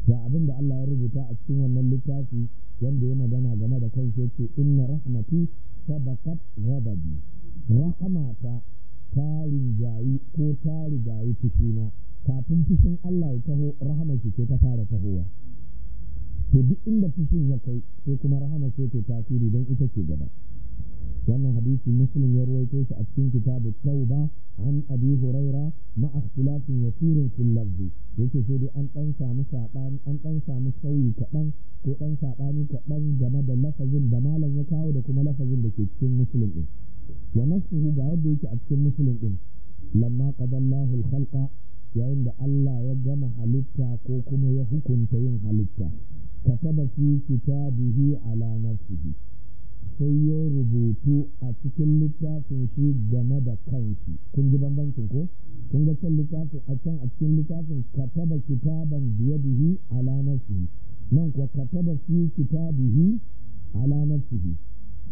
ga abin da Allah ya rubuta a cikin wannan littafi wanda ya magana game da kan shi yace inna rahmati sabaqat rababi rahmata ta rinjayi ko ta rigayi fushina kafin fushin Allah ya taho rahamar shi ce ta fara tahowa to duk inda fushin ya kai sai kuma rahama ce ke tasiri don ita ce gaba wannan hadisi muslim ya ruwaito shi a cikin kitabu tauba an abi huraira ma ikhtilafin yasirin fil lafzi yake sai dai an dan samu sabani an dan samu sauyi kaɗan ko ɗan saɓani kaɗan game da lafazin da malam ya kawo da kuma lafazin da ke cikin muslim din wa nasuhu ga yadda yake a cikin muslim din lamma qadallahu al yayin da Allah ya gama halitta ko kuma ya hukunta yin halitta kataba fi kitabihi ala nafsihi sai ya rubutu a cikin littafin shi game da kanshi kun ji bambancin ko kun ga can littafin a can a cikin littafin taba kitaban biyadihi ala nafsihi nan kuwa ka taba fi kitabihi ala nafsihi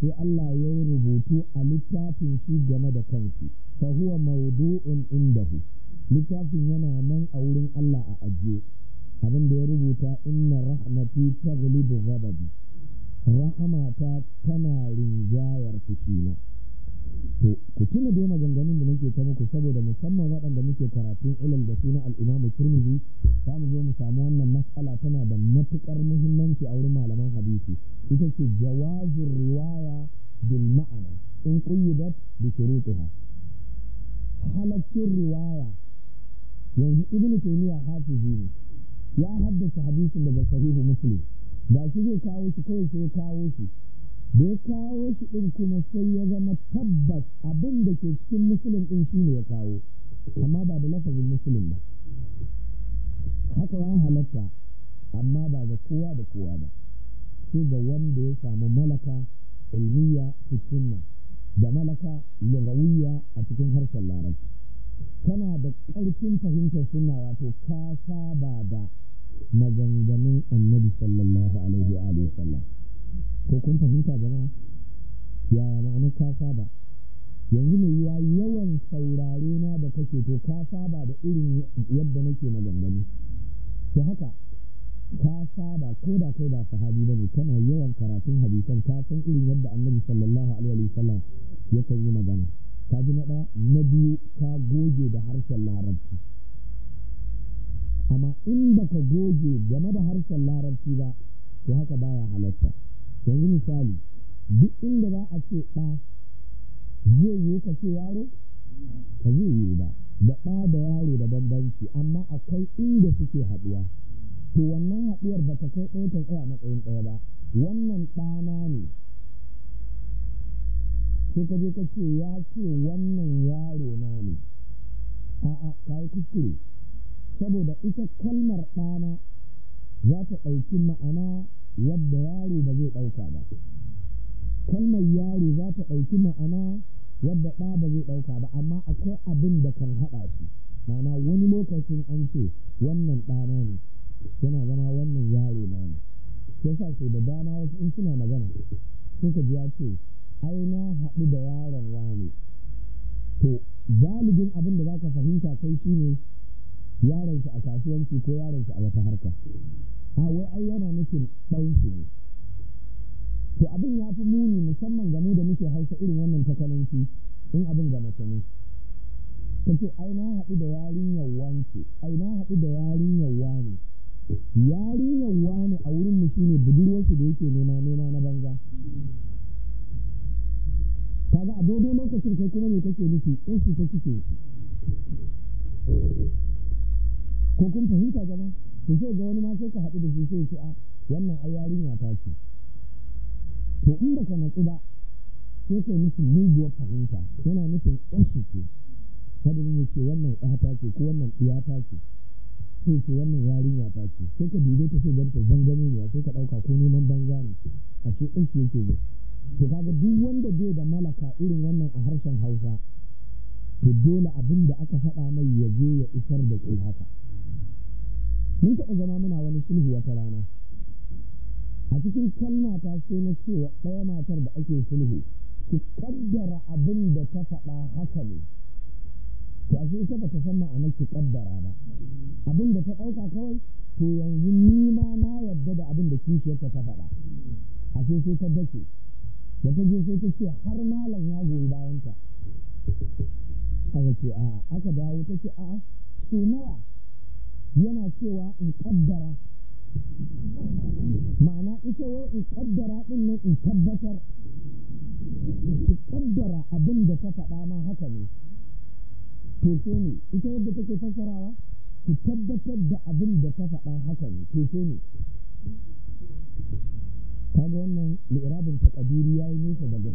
sai Allah ya rubutu a littafin shi game da kanshi fa huwa mawdu'un indahu littafin yana nan a wurin Allah a ajiye abin da ya rubuta inna rahmati taghlibu ghadabi rahamata tana rinjayar fushina to ku tuna dai maganganun da nake ta muku saboda musamman waɗanda muke karatun ilim da suna al'imamu turmizi za mu zo mu samu wannan matsala tana da matuƙar muhimmanci a wurin malaman hadisi ita ce jawazin riwaya bil ma'ana in qayyidat bi shurutiha halaccin riwaya yanzu ibnu taymiya hafizi ne ya haddace hadisin daga sahihu muslim ba shi zai kawo shi kawai sai ya kawo shi da kawo shi ɗin kuma sai ya zama tabbas abin da ke cikin musulun ɗin shi ne ya kawo amma ba da lafazin musulun ba haka ya halatta amma ba ga kowa da kowa ba sai ga wanda ya samu malaka ilmiya cikin da malaka lugawiyya a cikin harshen larabci kana da ƙarfin fahimtar suna wato ka saba da maganganun annabi sallallahu alaihi wa alihi sallam ko kun fahimta jama'a yaya ma'anar ka saba yanzu mai yiwa yawan saurare na da kake to ka saba da irin yadda nake maganganu to haka ka saba ko da kai ba sahabi ne kana yawan karatun hadisan ka san irin yadda annabi sallallahu alaihi wa sallam yakan yi magana ka ji na ɗaya na biyu ka goge da harshen larabci amma in baka goge game da harshen larabci ba to haka baya halatta yanzu misali duk inda za a ce ɗa zai yi ka ce yaro ka zai yi ba da ɗa da yaro da bambanci amma akwai inda suke haɗuwa to wannan haɗuwar ba ta kai ɗaya tsaya matsayin ɗaya ba wannan ɗana ne sai ka je ka ce ya ce wannan yaro na ne a'a ka yi kuskure saboda ita kalmar ɗana za ta ɗauki ma'ana wadda yaro ba zai ɗauka ba kalmar yaro za ta ɗauki ma'ana wadda ɗa ba zai ɗauka ba amma akwai abin da kan haɗa shi ma'ana wani lokacin an ce wannan ɗana ne yana zama wannan yaro na ne sai sa sai da dama wasu in suna magana sun ka ya ce ai na haɗu da yaron wane to galibin abin da za ka fahimta kai shine yaron shi a kasuwanci ko yaron shi a wata harka a wai ai yana nufin ɗan ne to abin ya fi muni musamman ga mu da muke hausa irin wannan takalanci in abin ga mace ne ta ce ai na haɗu da yarinyar wance ai na haɗu da yarinyar wane yarinyar ne a wurin mu shine budurwar shi da yake nema nema na banza kaga a daidai lokacin kai kuma me kake nufi in shi ta cike ko kun fahimta gaba to sai ga wani ma sai ka haɗu da shi sai ce a ah, wannan ai yarinya ta ce to in baka natsu ba sai kai musu muguwar fahimta yana nufin shi ce kada ne ce wannan ƴata ce ko wannan ɗiyata ce sai ce wannan yarinya ta ce sai ka dube ta sai ganta zangane ne sai ka ɗauka ko neman banza ne a ce ɗansu yake ne to kaga duk wanda bai da malaka irin wannan a harshen hausa to dole abin da aka faɗa mai ya je ya isar da shi haka mun taɓa zama muna wani sulhu wata rana a cikin kalma ta sai na cewa ɗaya matar da ake sulhu ki kaddara abin da ta faɗa haka ne to ashe ita ba ta san ma'anar ki ƙaddara ba abin da ta ɗauka kawai to yanzu ni ma na yarda da abin da kishiyarta ta faɗa ashe sai ta dace da ta je sai ta ce har malam ya goyi bayanta aka ce a'a aka dawo ta ce a'a su nawa yana cewa in kaddara ma'ana ita wai in kaddara din nan in tabbatar ki kaddara abin da ta faɗa ma haka ne to so ne ita yadda take fassarawa ki tabbatar da abin da ta faɗa haka ne to so ne kaga wannan li'irabin takadiri yayi nesa daga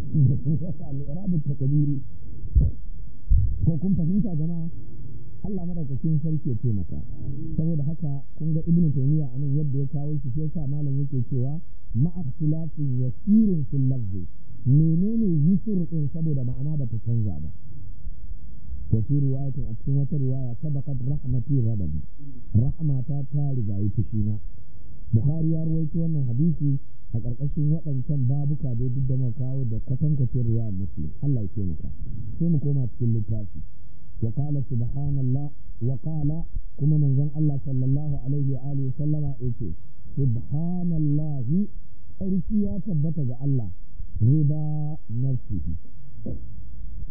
li'irabin takadiri ko kun fahimta jama'a Allah madaukakin sarki ya taimaka saboda haka kun ga ibnu taymiya nan yadda ya kawo shi sai sa malam yake cewa ma'akhtilafin yasirin fil lafzi menene yusur din saboda ma'ana ba ta canza ba ko fi riwayatin a cikin wata riwaya tabaqat rahmati rabbi rahmata ta rigayi na Buhari ya ruwaito wannan hadisi a ƙarƙashin waɗancan babuka dai duk da muka kawo da kwatankwacin riwayar muslim Allah ya taimaka sai mu koma cikin littafi وقال سبحان الله وقال كما من زن الله صلى الله عليه وآله وسلم إيكي سبحان الله أركي يا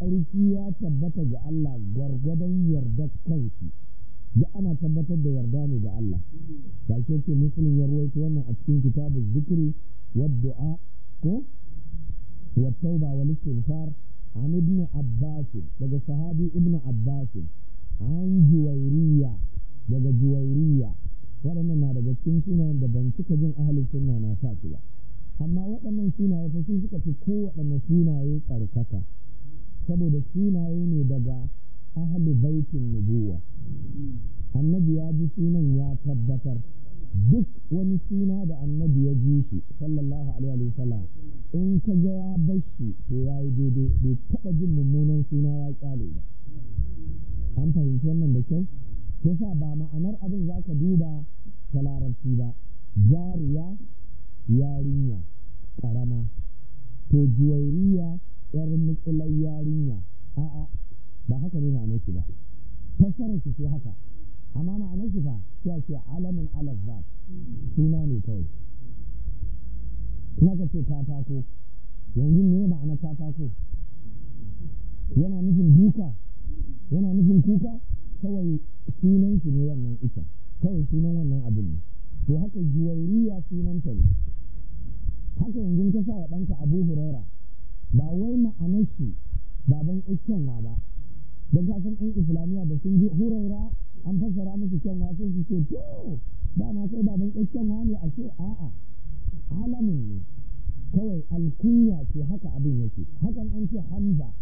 tsarki ya tabbata ga Allah gwargwadon yarda kansi da tabbatar da yarda ne ga Allah ba ke ce musulun ya ruwaito wannan a cikin kitabun zikiri wa du'a ko wa tauba wa istighfar an ibn abbas daga sahabi ibnu abbasin an juwairiya daga juwairiya waɗannan na daga cikin sunayen da ban cika jin ahalin sunna na sa su ba amma waɗannan sunaye fa suka fi kowaɗanne sunaye tsarkaka saboda sunaye ne daga ahli baitin nubuwa annabi ya ji sunan ya tabbatar duk wani suna da annabi ya ji shi sallallahu alaihi wa sallam in ka ga ya bashi to ya yi daidai bai taɓa jin mummunan suna ya kyale ba an fahimci wannan da kyau yasa ba ma'anar abin za ka duba ta larabci ba jariya yarinya ƙarama to juwairiya yar mutsulai yarinya a'a ba haka ne ma'anar shi ba fassara shi haka amma ma'anar shi fa ya ce alamin ba suna ne kawai na ka ce katako yanzu ne ma'anar katako yana nufin duka yana nufin kuka kawai sunan shi ne wannan ita kawai sunan wannan abin ne to haka juwairiya sunan ta ne haka yanzu ka sa wa ɗanka abu huraira ba wai ma'anar shi baban ikkenwa ba don kasan ɗan islamiyya da sun ji huraira an fassara musu kyanwa wasu su ce to ba na sai ba ban kyanwa ne a ce a'a alamun ne kawai alkunya ce haka abin yake hakan an ce hamza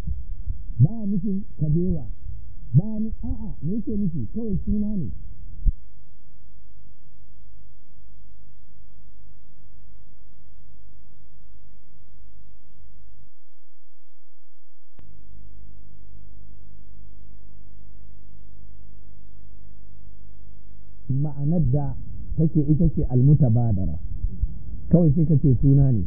ba nufin kabewa ba ni a'a me yake nufi kawai suna ne ma'anar da take ita ce almutabadara kawai sai ka ce suna ne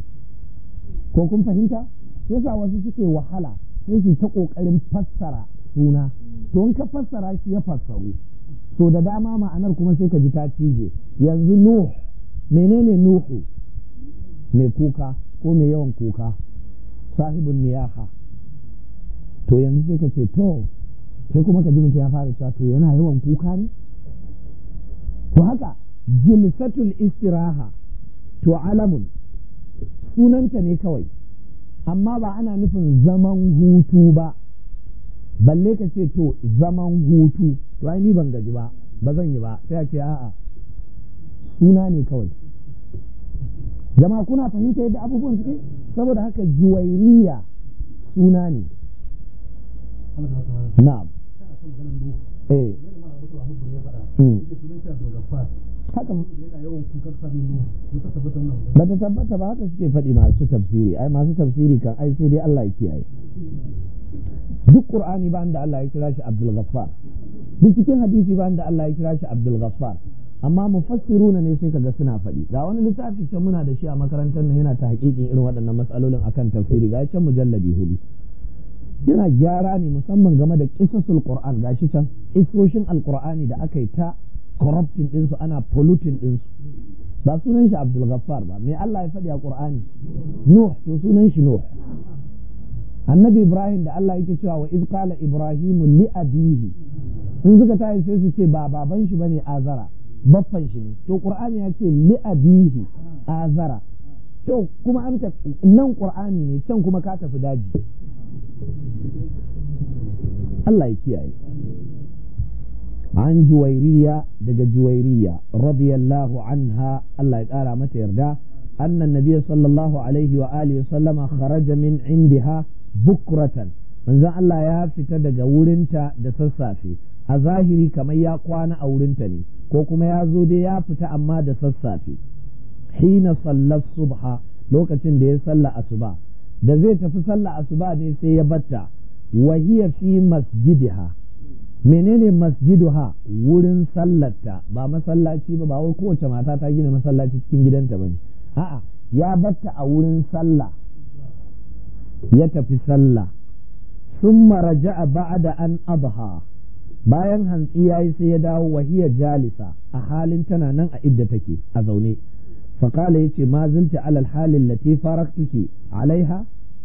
ko kun fahimta yasa wasu suke wahala sai su ta kokarin fassara suna to in ka fassara shi ya fassaru to da dama ma'anar kuma sai ka ji ta cije yanzu nuhu menene nuhu mai kuka ko mai yawan kuka sahibin niyaha to yanzu sai ka ce to sai kuma ka ji mutum ya fara cewa to yana yawan kuka ne to haka jilsatul istiraha to alamun sunanta ne kawai amma ba ana nufin zaman hutu ba balle ka ce to zaman hutu to ai ni ban gaji ba ba zan yi ba sai a ce a'a suna ne kawai jama'a kuna fahimta yadda abubuwan suke saboda haka juwairiya suna ne na'am eh. Hmm. ba ta tabbata ba haka suke faɗi masu tafsiri ai masu tafsiri kan ai sai dai Allah ya kiyaye duk qur'ani ba da Allah ya kira shi Abdul Ghaffar duk cikin hadisi ba da Allah ya kira shi Abdul Ghaffar amma mufassiruna ne sai kaga suna faɗi ga wani lissafi can muna da shi a makarantar nan yana ta hakikin irin waɗannan matsalolin akan tafsiri ga can mujalladi hudu yana gyara ne musamman game da kisasul ga gashi can isoshin alqur'ani da aka yi ta corrupting ɗinsu ana polluting ɗinsu ba sunan shi abdul ghaffar ba mai Allah ya faɗi a qur'ani nuh to sunan shi nuh annabi ibrahim da Allah yake cewa wa iz qala ibrahim li abihi sun suka tayi sai su ce ba baban shi bane azara baffan shi ne to qur'ani ya ce li abihi azara to kuma an nan qur'ani ne can kuma ka tafi daji Allah ya kiyaye an juwairiya daga juwairiya radiyallahu anha Allah ya ƙara mata yarda annan nabiya sallallahu alaihi wa alihi sallama kharaja min indiha bukratan manzon Allah ya fita daga wurinta da sassafe a zahiri kamar ya kwana a wurinta ne ko kuma ya zo dai ya fita amma da sassafe hina sallar subha lokacin da ya salla asuba da zai tafi sallah asuba ne sai ya batta wa hiya fi masjidiha menene masjiduha wurin sallarta ba masallaci ba ba wai kowace mata ta gina masallaci cikin gidanta bane a'a ya batta a wurin sallah ya tafi sallah summa raja'a ba'da an abha bayan hantsi yayi sai ya dawo wahiya jalisa a halin tana nan a idda take a zaune فقال يتي ما زلت على الحال التي فارقتك عليها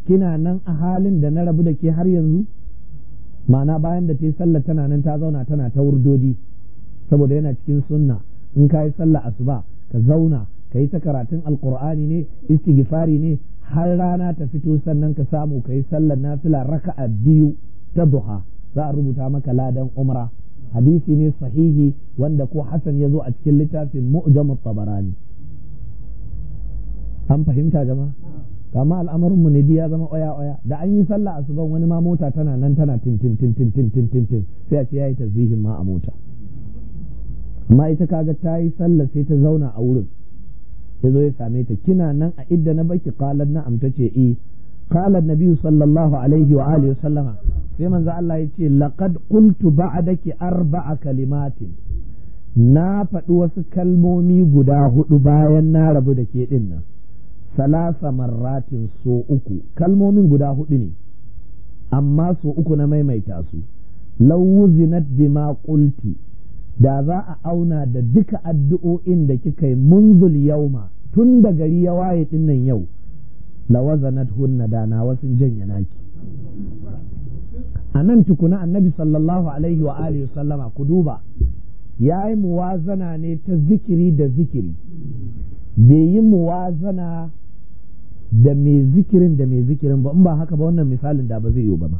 kina nan a halin da na rabu da ke har yanzu ma'ana bayan da ta yi sallah tana nan ta zauna tana ta wurdodi saboda yana cikin sunna in ka yi sallah asuba ka zauna ka yi ta karatun alkur'ani ne istighfari ne har rana ta fito sannan ka samu ka yi sallar nafila raka'a biyu ta duha za a rubuta maka ladan umra hadisi ne sahihi wanda ko Hassan ya zo a cikin littafin mu'jam tabarani an fahimta jama'a kama al'amarin mu ne ya zama oya oya da an yi sallah asuban wani ma mota tana nan tana tin tin tin tin tin tin tin tin sai a ce yayi tasbihin ma a mota amma ita kaga ta yi sallah sai ta zauna a wurin ya zo ya same ta kina nan a idda na baki qalan na amta ce i eh. qala nabiyyu sallallahu alaihi wa alihi sallama sai manzo Allah ya yace laqad qultu ba'daki arba'a kalimatin na faɗi wasu kalmomi guda hudu bayan na rabu da ke ɗin salasa marratin so uku kalmomin guda hudu ne amma so uku na maimaita su lawuzinat bima qulti da za a auna da duka addu'o'in da kika yi munzul yauma tun da gari ya waye dinnan yau lawazanat hunna da na wasu janya naki a nan tukuna annabi sallallahu alaihi wa alihi sallama ku duba ya yi muwazana ne ta zikiri da zikiri bai yi muwazana da mai zikirin da mai zikirin ba in ba haka ba wannan misalin da ba zai yiwu ba na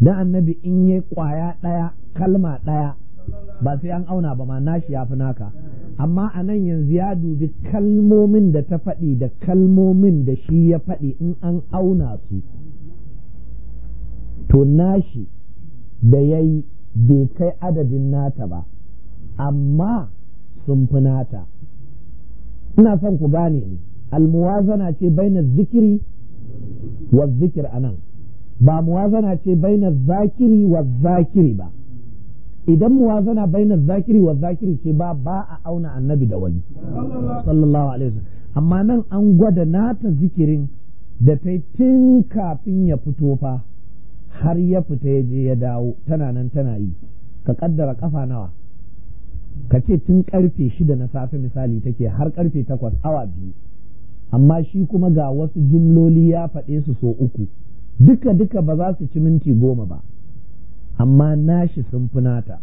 dan annabi in yi kwaya daya kalma daya ba sai an auna ba ma nashi ya fi naka amma a nan yanzu ya dubi kalmomin da ta faɗi da kalmomin da shi ya faɗi in an auna su to nashi da ya yi bai kai adadin nata ba amma sun fi nata ina son ku gane ni almuwazana ce bainar zikiri wa zikir anan ba muwazana ce bainar zakiri wa zakiri ba idan muwazana bainar zakiri wa zakiri ce ba ba a auna annabi da wani sallallahu alaihi amma nan an gwada nata zikirin da ta tun kafin ya fito fa har ya fita ya je ya dawo tana nan tana yi ka kaddara kafa nawa ka ce tun karfe shida na safe misali take har karfe takwas awa biyu amma shi kuma ga wasu jumloli ya faɗe su so uku duka duka ba za su ci minti goma ba amma nashi sun fi nata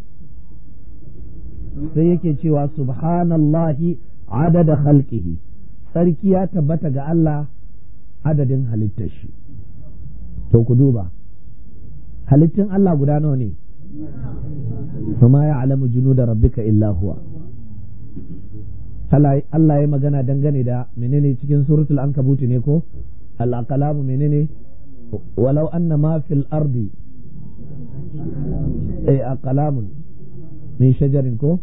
sai yake cewa subhanallahi adada halkihi sarki ya tabbata ga Allah adadin halittar shi to ku duba halittun Allah guda nawa ne kuma ya alamu junu da rabbika illa huwa Allah ya magana dangane da menene cikin suratul ankabuti ne ko alaqalamu menene walau anna ma fil ardi ay eh, aqlamun min shajarin ko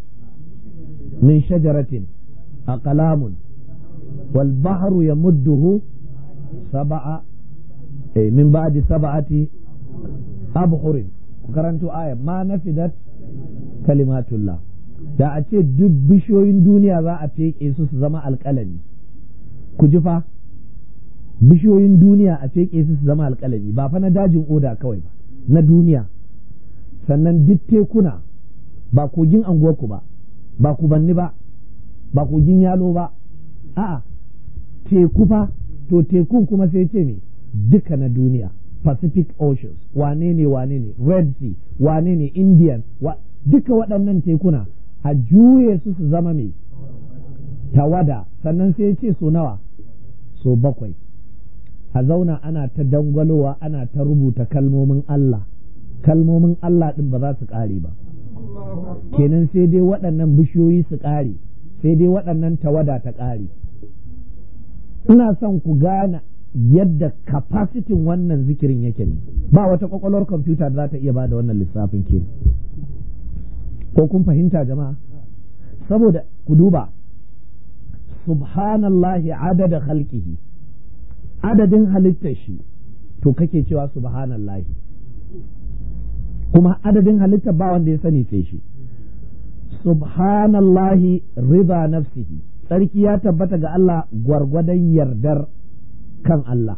min shajaratin aqlamun wal bahru yamudduhu sab'a ay eh, min ba'di sab'ati abhurin karantu aya ma nafidat kalimatullah da a ce duk bishiyoyin duniya za a feƙe su su zama alƙalami ku ji fa bishiyoyin duniya a feƙe su su zama alƙalami ba fa na dajin oda kawai ba na duniya sannan duk tekuna ba kogin anguwarku ba ba kubanni ba ba kogin yalo ba a'a teku fa to tekun kuma sai ce ne duka na duniya Pacific Oceans wane ne wane ne Red Sea wane ne Indian duka waɗannan tekuna a juye su su zama mai tawada sannan sai ce so nawa so bakwai a zauna ana ta dangwalowa ana ta rubuta kalmomin Allah kalmomin Allah ɗin ba za su ƙare ba kenan sai dai waɗannan bishiyoyi su ƙare sai dai waɗannan tawada ta kare ina son ku gane yadda kafasitin wannan zikirin yake ne ba wata kwakwalwar kwamfuta za ta iya ba da wannan lissafin ke ko kun fahimta jama'a saboda ku duba subhanallahi adada khalqihi adadin halittar shi to kake cewa subhanallahi kuma adadin halitta ba wanda ya sani sai shi subhanallahi riba nafsihi tsarki ya tabbata ga Allah gwargwadon yardar kan Allah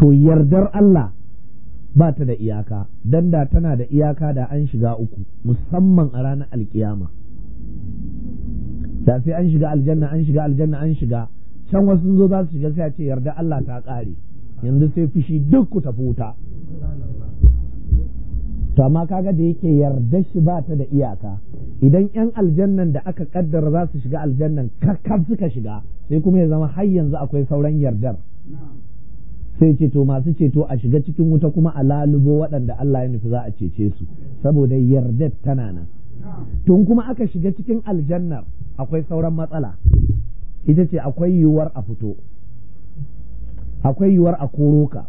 to yardar Allah ba ta da iyaka dan da tana da iyaka da an shiga uku musamman a ranar alkiyama da sai an shiga aljanna an shiga aljanna an shiga can wasu sun zo za su shiga sai a ce yarda Allah ta kare yanzu sai fushi duk ku ta wuta to amma kaga da yake yarda shi ba ta da iyaka idan yan aljannan da aka kaddara za su shiga aljannan kakkaf suka shiga sai kuma ya zama har yanzu akwai sauran yardar sai ce to masu ceto a shiga cikin wuta kuma a lalubo waɗanda Allah ya nufi za a cece su saboda yardar tana nan tun kuma aka shiga cikin aljannar akwai sauran matsala ita ce akwai yiwuwar a fito akwai yiwuwar a koro ka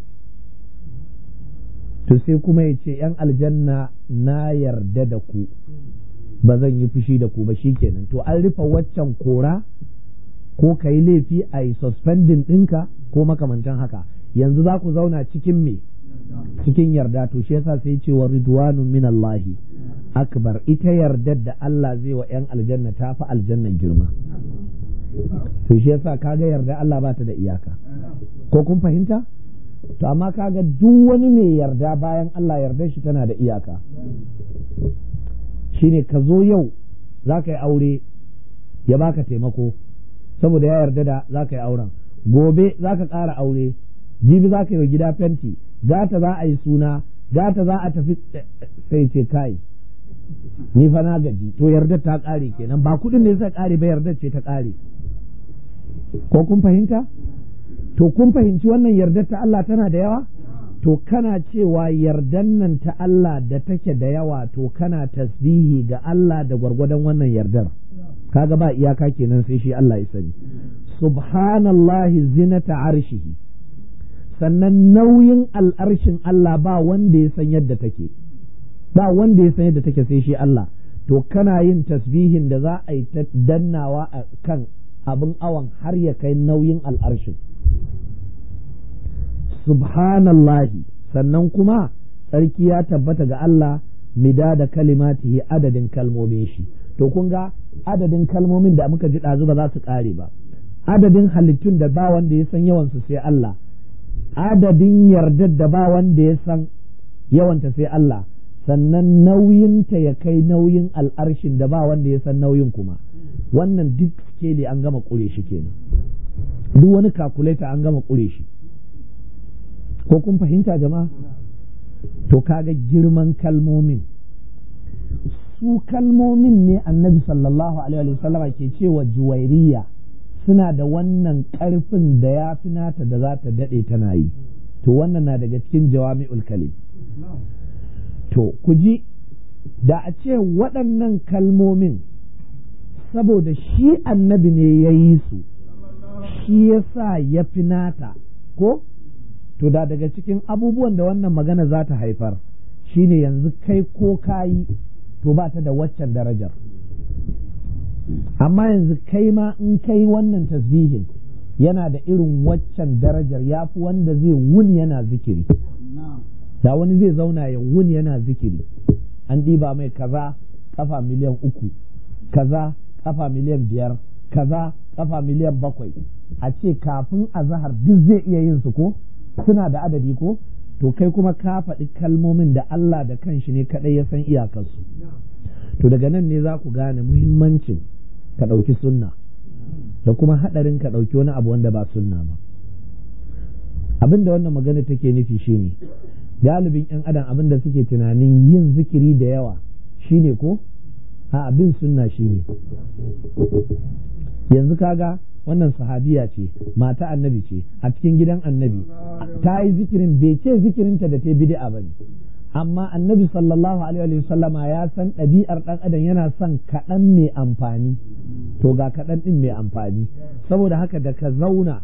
to sai kuma ya ce ‘yan aljanna na yarda da ku ba zan yi fushi da ku ba shi kenan to an rufe waccan kora ko ka yi laifi a yi suspendin ɗinka ko makamantan haka yanzu za ku zauna cikin me cikin yarda to shi yasa sai cewa ridwanu min Allah akbar ita yardar da Allah zai wa yan aljanna ta fi aljanna girma to shi yasa kaga yarda Allah ba ta da iyaka ko kun fahimta to amma kaga duk wani mai yarda bayan Allah yardar shi tana da iyaka shine ka zo yau za ka yi aure ya baka taimako saboda ya yarda da za ka yi auren gobe za ka ƙara aure jibi za ka yi wa gida fenti gata za a yi suna gata za a tafi sai ce kai ni fa na gaji to yarda ta ƙare kenan ba kudin ne zai kare ba yarda ce ta ƙare ko kun fahimta to kun fahimci wannan yardar ta Allah tana da yawa to kana cewa yardan nan ta Allah da take da yawa to kana tasbihi ga Allah da gwargwadon wannan yardar kaga ba iyaka kenan sai shi Allah ya sani subhanallahi zinata arshihi sannan nauyin al'arshin Allah ba wanda ya san yadda take ba wanda ya san yadda take sai shi Allah to kana yin tasbihin da za a yi ta dannawa a kan abin awon har ya kai nauyin al'arshin subhanallahi sannan kuma tsarki ya tabbata ga Allah mida da kalimatihi adadin kalmomin shi to kun ga adadin kalmomin da muka ji ɗazu ba za su ƙare ba adadin halittun da ba wanda ya san yawansu sai Allah adadin yardar da ba wanda ya san yawanta sai Allah sannan nauyinta ya kai nauyin al'arshin da ba wanda ya san nauyin kuma wannan duk skeli an gama ƙure shi kenan duk wani kakuleta an gama ƙure shi ko kun fahimta jama'a to kaga girman kalmomin su kalmomin ne annabi sallallahu alaihi wasallama ke cewa juwairiya suna da wannan ƙarfin da ya fi nata da za ta daɗe tana yi to wannan na daga cikin jawami ulkali to ku ji da a ce waɗannan kalmomin saboda shi annabi ne ya yi su shi ya sa ya fi nata ko to da daga cikin abubuwan da wannan magana za ta haifar shine yanzu kai ko kayi to ba ta da waccan darajar amma yanzu kai ma in kai wannan tasbihin yana da irin waccan darajar ya fi wanda zai wun yana zikiri da wani zai zauna ya wuni yana zikiri an ɗiba mai kaza kafa miliyan uku kaza kafa miliyan biyar kaza kafa miliyan bakwai a ce kafin azahar duk zai iya yin su ko suna da adadi ko to kai kuma ka faɗi kalmomin da Allah da kanshi ne kaɗai ya san iyakarsu to daga nan ne za ku gane muhimmancin ka ɗauki sunna da kuma haɗarin ka ɗauki wani abu wanda ba sunna ba abinda wannan magana take nufi shine galibin 'yan adam abinda suke tunanin yin zikiri da yawa shine ko a abin sunna shine yanzu kaga wannan sahabiya ce mata annabi ce a cikin gidan annabi ta yi zikirin bai ce zikirinta da ta bid'a ba ne amma annabi sallallahu alaihi wa ya san ɗabi'ar ɗan adam yana son kaɗan mai amfani to ga kaɗan ɗin mai amfani saboda haka da ka zauna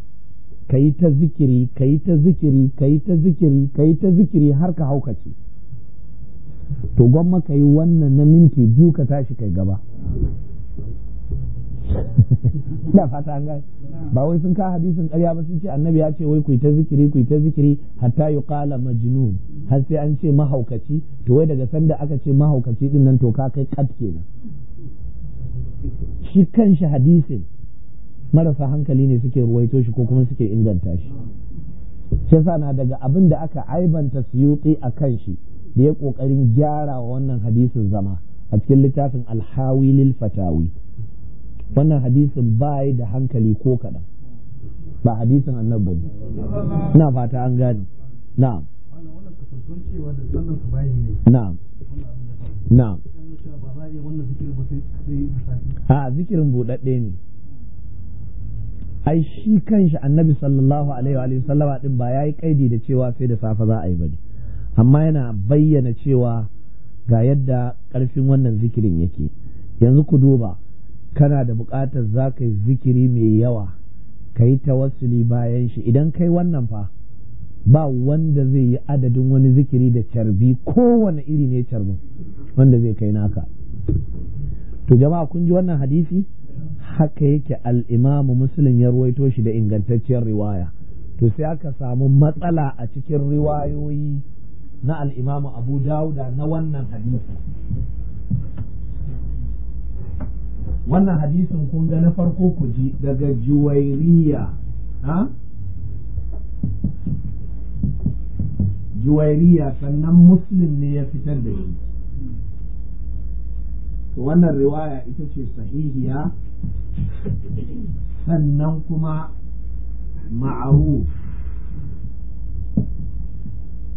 ka yi ta zikiri ka yi ta zikiri ka yi ta zikiri ka yi ta zikiri har ka haukace to gwamma ka yi wannan na minti biyu ka tashi kai gaba ina fata an gani ba wai sun ka hadisin karya ba sun ce annabi ya ce wai ku ta zikiri ku ta zikiri hatta yuqala majnun har sai an ce mahaukaci to wai daga sanda aka ce mahaukaci din nan to ka kai kat kenan shi kanshi hadisin marasa hankali ne suke ruwaito shi ko kuma suke inganta shi sai sa na daga abin da aka aibanta suyuti a kan shi da ya kokarin gyara wa wannan hadisin zama a cikin littafin alhawi lil fatawi wannan hadisin ba yi da hankali ko kaɗan ba hadisin annabi ne ina fata an gane na'am na'am na'am a zikirin buɗaɗɗe ne ai shi kanshi annabi sallallahu alaihi wa sallama din ba ya yi kaidi da cewa sai da safe za a yi bane amma yana bayyana cewa ga yadda ƙarfin wannan zikirin yake yanzu ku duba kana da buƙatar za ka yi zikiri mai yawa ka yi tawassuli bayan shi idan kai wannan fa ba wanda zai yi adadin wani zikiri da carbi kowane iri ne carbi wanda zai kai naka to jama'a kun ji wannan hadisi haka yake al'imamu musulun ya ruwaito shi da ingantacciyar riwaya to sai aka samu matsala a cikin riwayoyi na al'imamu abu dauda na wannan hadisi wannan hadisin kun ga na farko ku ji daga juwairiya ha juwairiya sannan muslim ne ya fitar da shi wannan riwaya ita ce sahihiya sannan kuma ma'aruf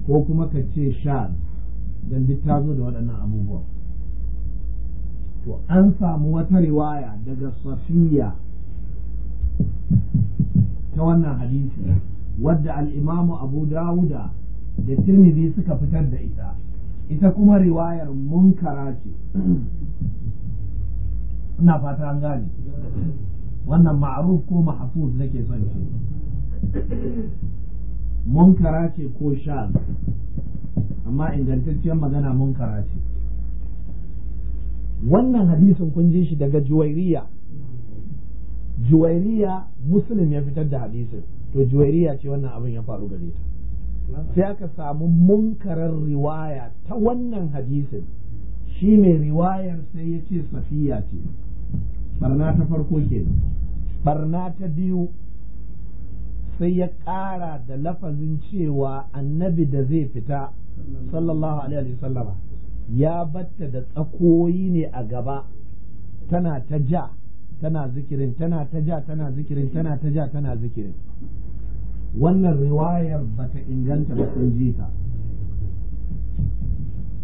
ko kuma ka ce sha don duk ta zo da waɗannan abubuwa to an samu wata riwaya daga safiya ta wannan hadisi wadda al'imamu abu dawuda da tirmidhi suka fitar da ita ita kuma riwayar munkara ce ina fata an gane wannan ma'aruf ko mahfuz nake son ce munkara ce ko sha amma ingantacciyar magana munkara ce wannan hadisin kun ji shi daga juwairiya juwairiya muslim ya fitar da hadisin to juwairiya ce wannan abin ya faru gare ta sai aka samu munkarar riwaya ta wannan hadisin shi mai riwayar sai ya ce safiya ce barna ta farko ke barna ta biyu sai ya kara da lafazin cewa annabi da zai fita sallallahu alaihi wasallama ya batta da tsakoyi ne a gaba tana ta ja tana zikirin tana ta ja tana zikirin tana ta ja tana zikirin wannan riwayar bata inganta ba sun ji ta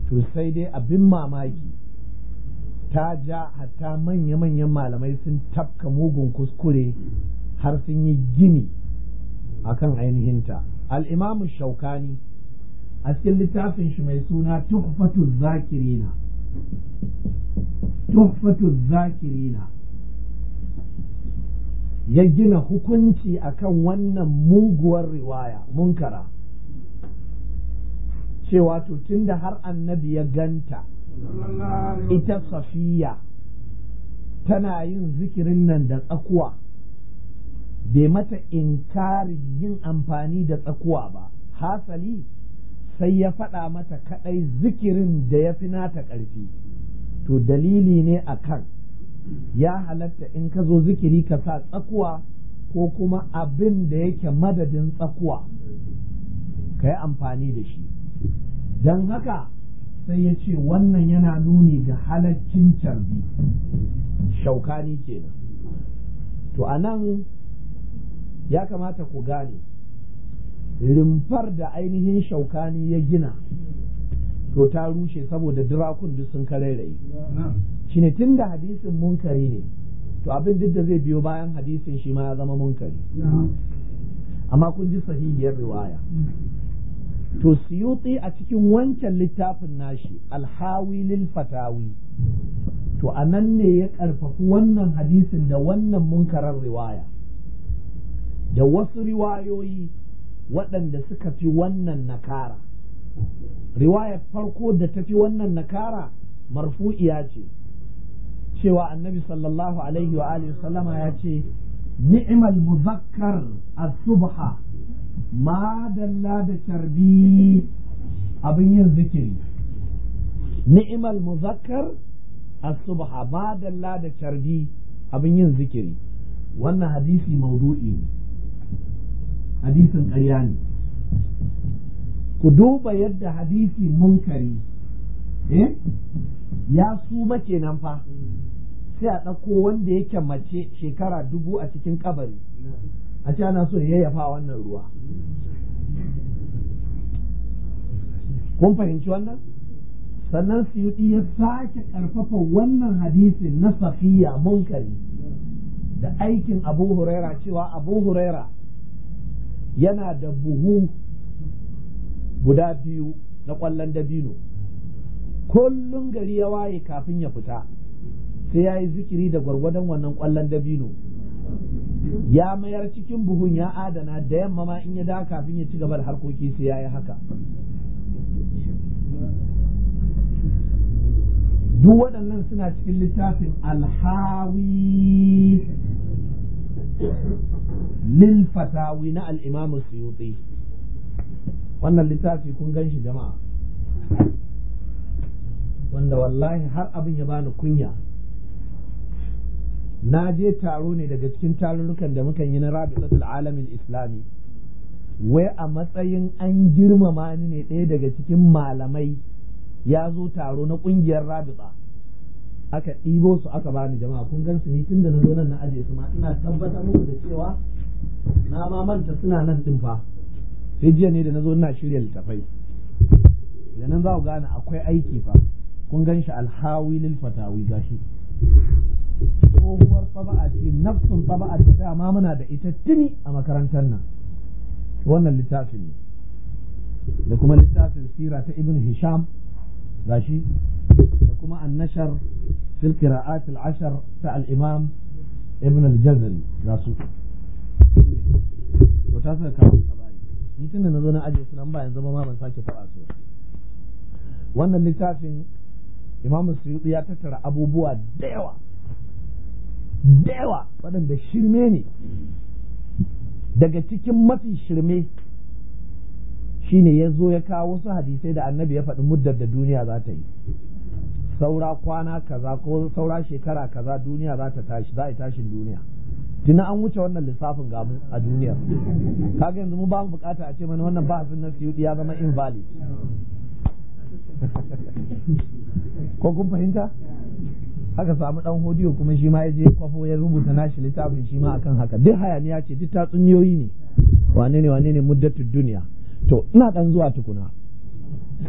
to sai dai abin mamaki ta ja hatta manya-manyan malamai sun tafka mugun kuskure har sun yi gini akan ainihinta al'imamu shaukani a cikin littafin shi mai suna tuhfatu zakirina tuhfatu zakirina ya gina hukunci akan wannan muguwar riwaya munkara cewa to tunda har annabi ya ganta ita safiya tana yin zikirin nan da tsakuwa bai mata inkari yin amfani da tsakuwa ba hasali sai ya faɗa mata kaɗai zikirin da ya fi nata ƙarfi to dalili ne a kan ya halatta in ka zo zikiri ka sa tsakuwa ko kuma abin da yake madadin tsakuwa ka yi amfani da shi don haka sai ya ce wannan yana nuni ga halaccin carbi shaukani kenan to a nan ya kamata ku gane rumfar da ainihin shaukani ya gina to ta rushe saboda durakun duk sun shi shine tun da hadisin munkari ne to abin duk da zai biyo bayan hadisin shi ma ya zama munkari amma kun ji sahihiyar riwaya to siyotsi a cikin wancan littafin nashi alhawi lil fatawi to a nan ne ya karfafi wannan hadisin da wannan munkarar riwaya da wasu riwayoyi waɗanda suka fi wannan nakara riwayar farko da ta fi wannan nakara marfu'iya ce cewa annabi sallallahu alaihi wa alihi sallama ya ce ni'mal muzakkar as-subha ma dalla da carbi abin yin zikiri muzakkar as-subha ma dalla da carbi abin yin zikiri wannan hadisi maudu'i ne hadisin ƙarya ne ku duba yadda hadisi munkari eh ya suma kenan fa sai a ɗauko wanda yake mace shekara dubu a cikin kabari a ce ana so ya yafa wannan ruwa kun fahimci wannan sannan suyuɗi ya sake ƙarfafa wannan hadisin na safiya munkari da aikin abu huraira cewa abu huraira yana da buhu guda biyu na ƙwallon dabino kullum gari ya waye kafin ya fita sai ya yi zikiri da gwargwadon wannan kwallon dabino ya mayar cikin buhun ya adana da yamma ma in ya da kafin ya ci gaba da harkoki sai ya yi haka duk waɗannan suna cikin littafin alhawi lil fatawi na al-imam suyuti wannan littafi kun gan shi jama'a wanda wallahi har abin ya bani kunya na je taro ne daga cikin tarurrukan da muka yi na rabi'atul alamin islami wai a matsayin an girmama ni ne ɗaya daga cikin malamai ya zo taro na ƙungiyar rabi'a aka ɗibo su aka bani jama'a kun gan su ni tun da na zo nan na aje su ma ina tabbatar muku da cewa na ma manta suna nan din fa sai jiya ne da nazo ina shirya littafai da nan za ku gane akwai aiki fa kun gan shi alhawi lil fatawi gashi tsohuwar taba'a ce nafsun taba'a da dama muna da ita tuni a makarantar nan wannan littafin ne da kuma littafin sira ta ibn hisham gashi da kuma annashar nashar qira'at al-ashar ta al-imam ibn al-jazari gasu to ta kawo ni tun da na zo na ajiye sunan ba yanzu ba ma ban sake su wannan littafin imamu suyuɗi ya tattara abubuwa da yawa da yawa waɗanda shirme ne daga cikin mafi shirme shine ya zo ya kawo wasu hadisai da annabi ya faɗi muddar da duniya za ta yi saura kwana kaza ko saura shekara kaza duniya za ta tashi za a yi tashin duniya tuna an wuce wannan lissafin gamu a duniya kaga yanzu mu ba mu bukata a ce mana wannan su na siyudi ya zama invalid ko kun fahimta haka samu dan hodiyo kuma shi ma ya je kwafo ya rubuta nashi littafin shi ma akan haka duk hayaniya ce duk tatsuniyoyi ne wane ne wane ne muddatud duniya to ina dan zuwa tukuna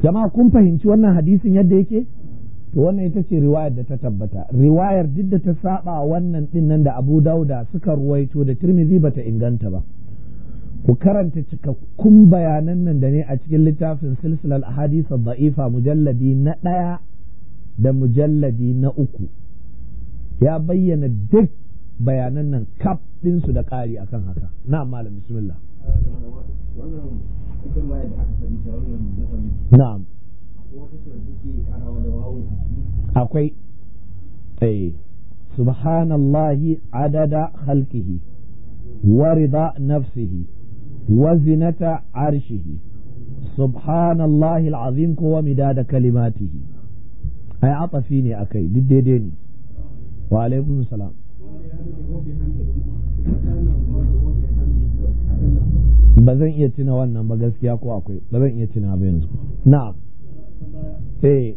jama'a kun fahimci wannan hadisin yadda yake to wannan ita ce riwayar da ta tabbata riwayar duk da ta saba wannan din nan da Abu Dauda suka ruwaito da Tirmidhi bata inganta ba ku karanta cikakkun bayanan nan da ne a cikin littafin silsilar ahadith da'ifa mujalladi na ɗaya da mujalladi na uku ya bayyana duk bayanan nan kaf ɗinsu da ƙari akan haka na malam bismillah na'am akwai ɗaya eh, subhanallahi adada halkihi wa rida nafsihi wa zinata arshihi subhanallahi alazim ko wa mida da kalimatihi ai atafi ne a kai duk daidai ne wa alaikun salam ba zan iya tuna wannan ba gaskiya ko akwai ba zan iya tuna ba yanzu na'am Eh.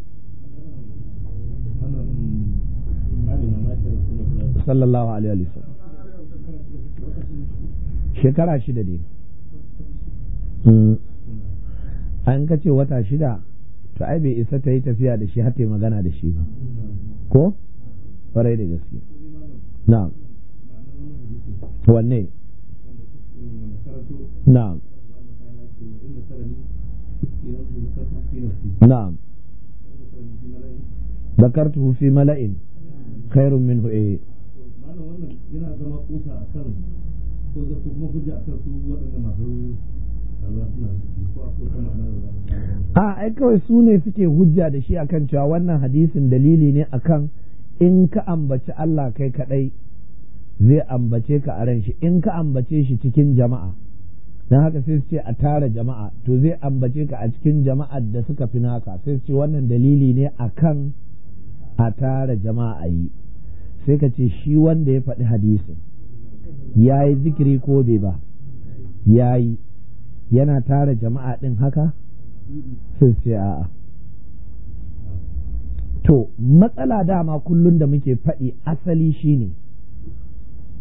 sallallahu alaihi wa sallam shekara shida ne hmm. an kace wata shida to ai bai isa ta yi tafiya da shi har ta magana da shi ba ko farai da gaske na'am wanne na'am نعم ذكرته fi mala'in خير منه eh a ai kawai su ne suke hujja da shi akan cewa wannan hadisin dalili ne akan in ka ambaci Allah kai kadai zai ambace ka a ran shi in ka ambace shi cikin jama'a na haka sai su ce a tara jama'a to zai ambace ka a cikin jama'ar da suka fi naka sai su ce wannan dalili ne a kan a tara jama'a a yi sai ka ce shi wanda ya faɗi hadisin ya yi zikiri ko bai ba ya yi yana tara jama'a ɗin haka sai su ce a'a to matsala dama kullum da muke faɗi asali shine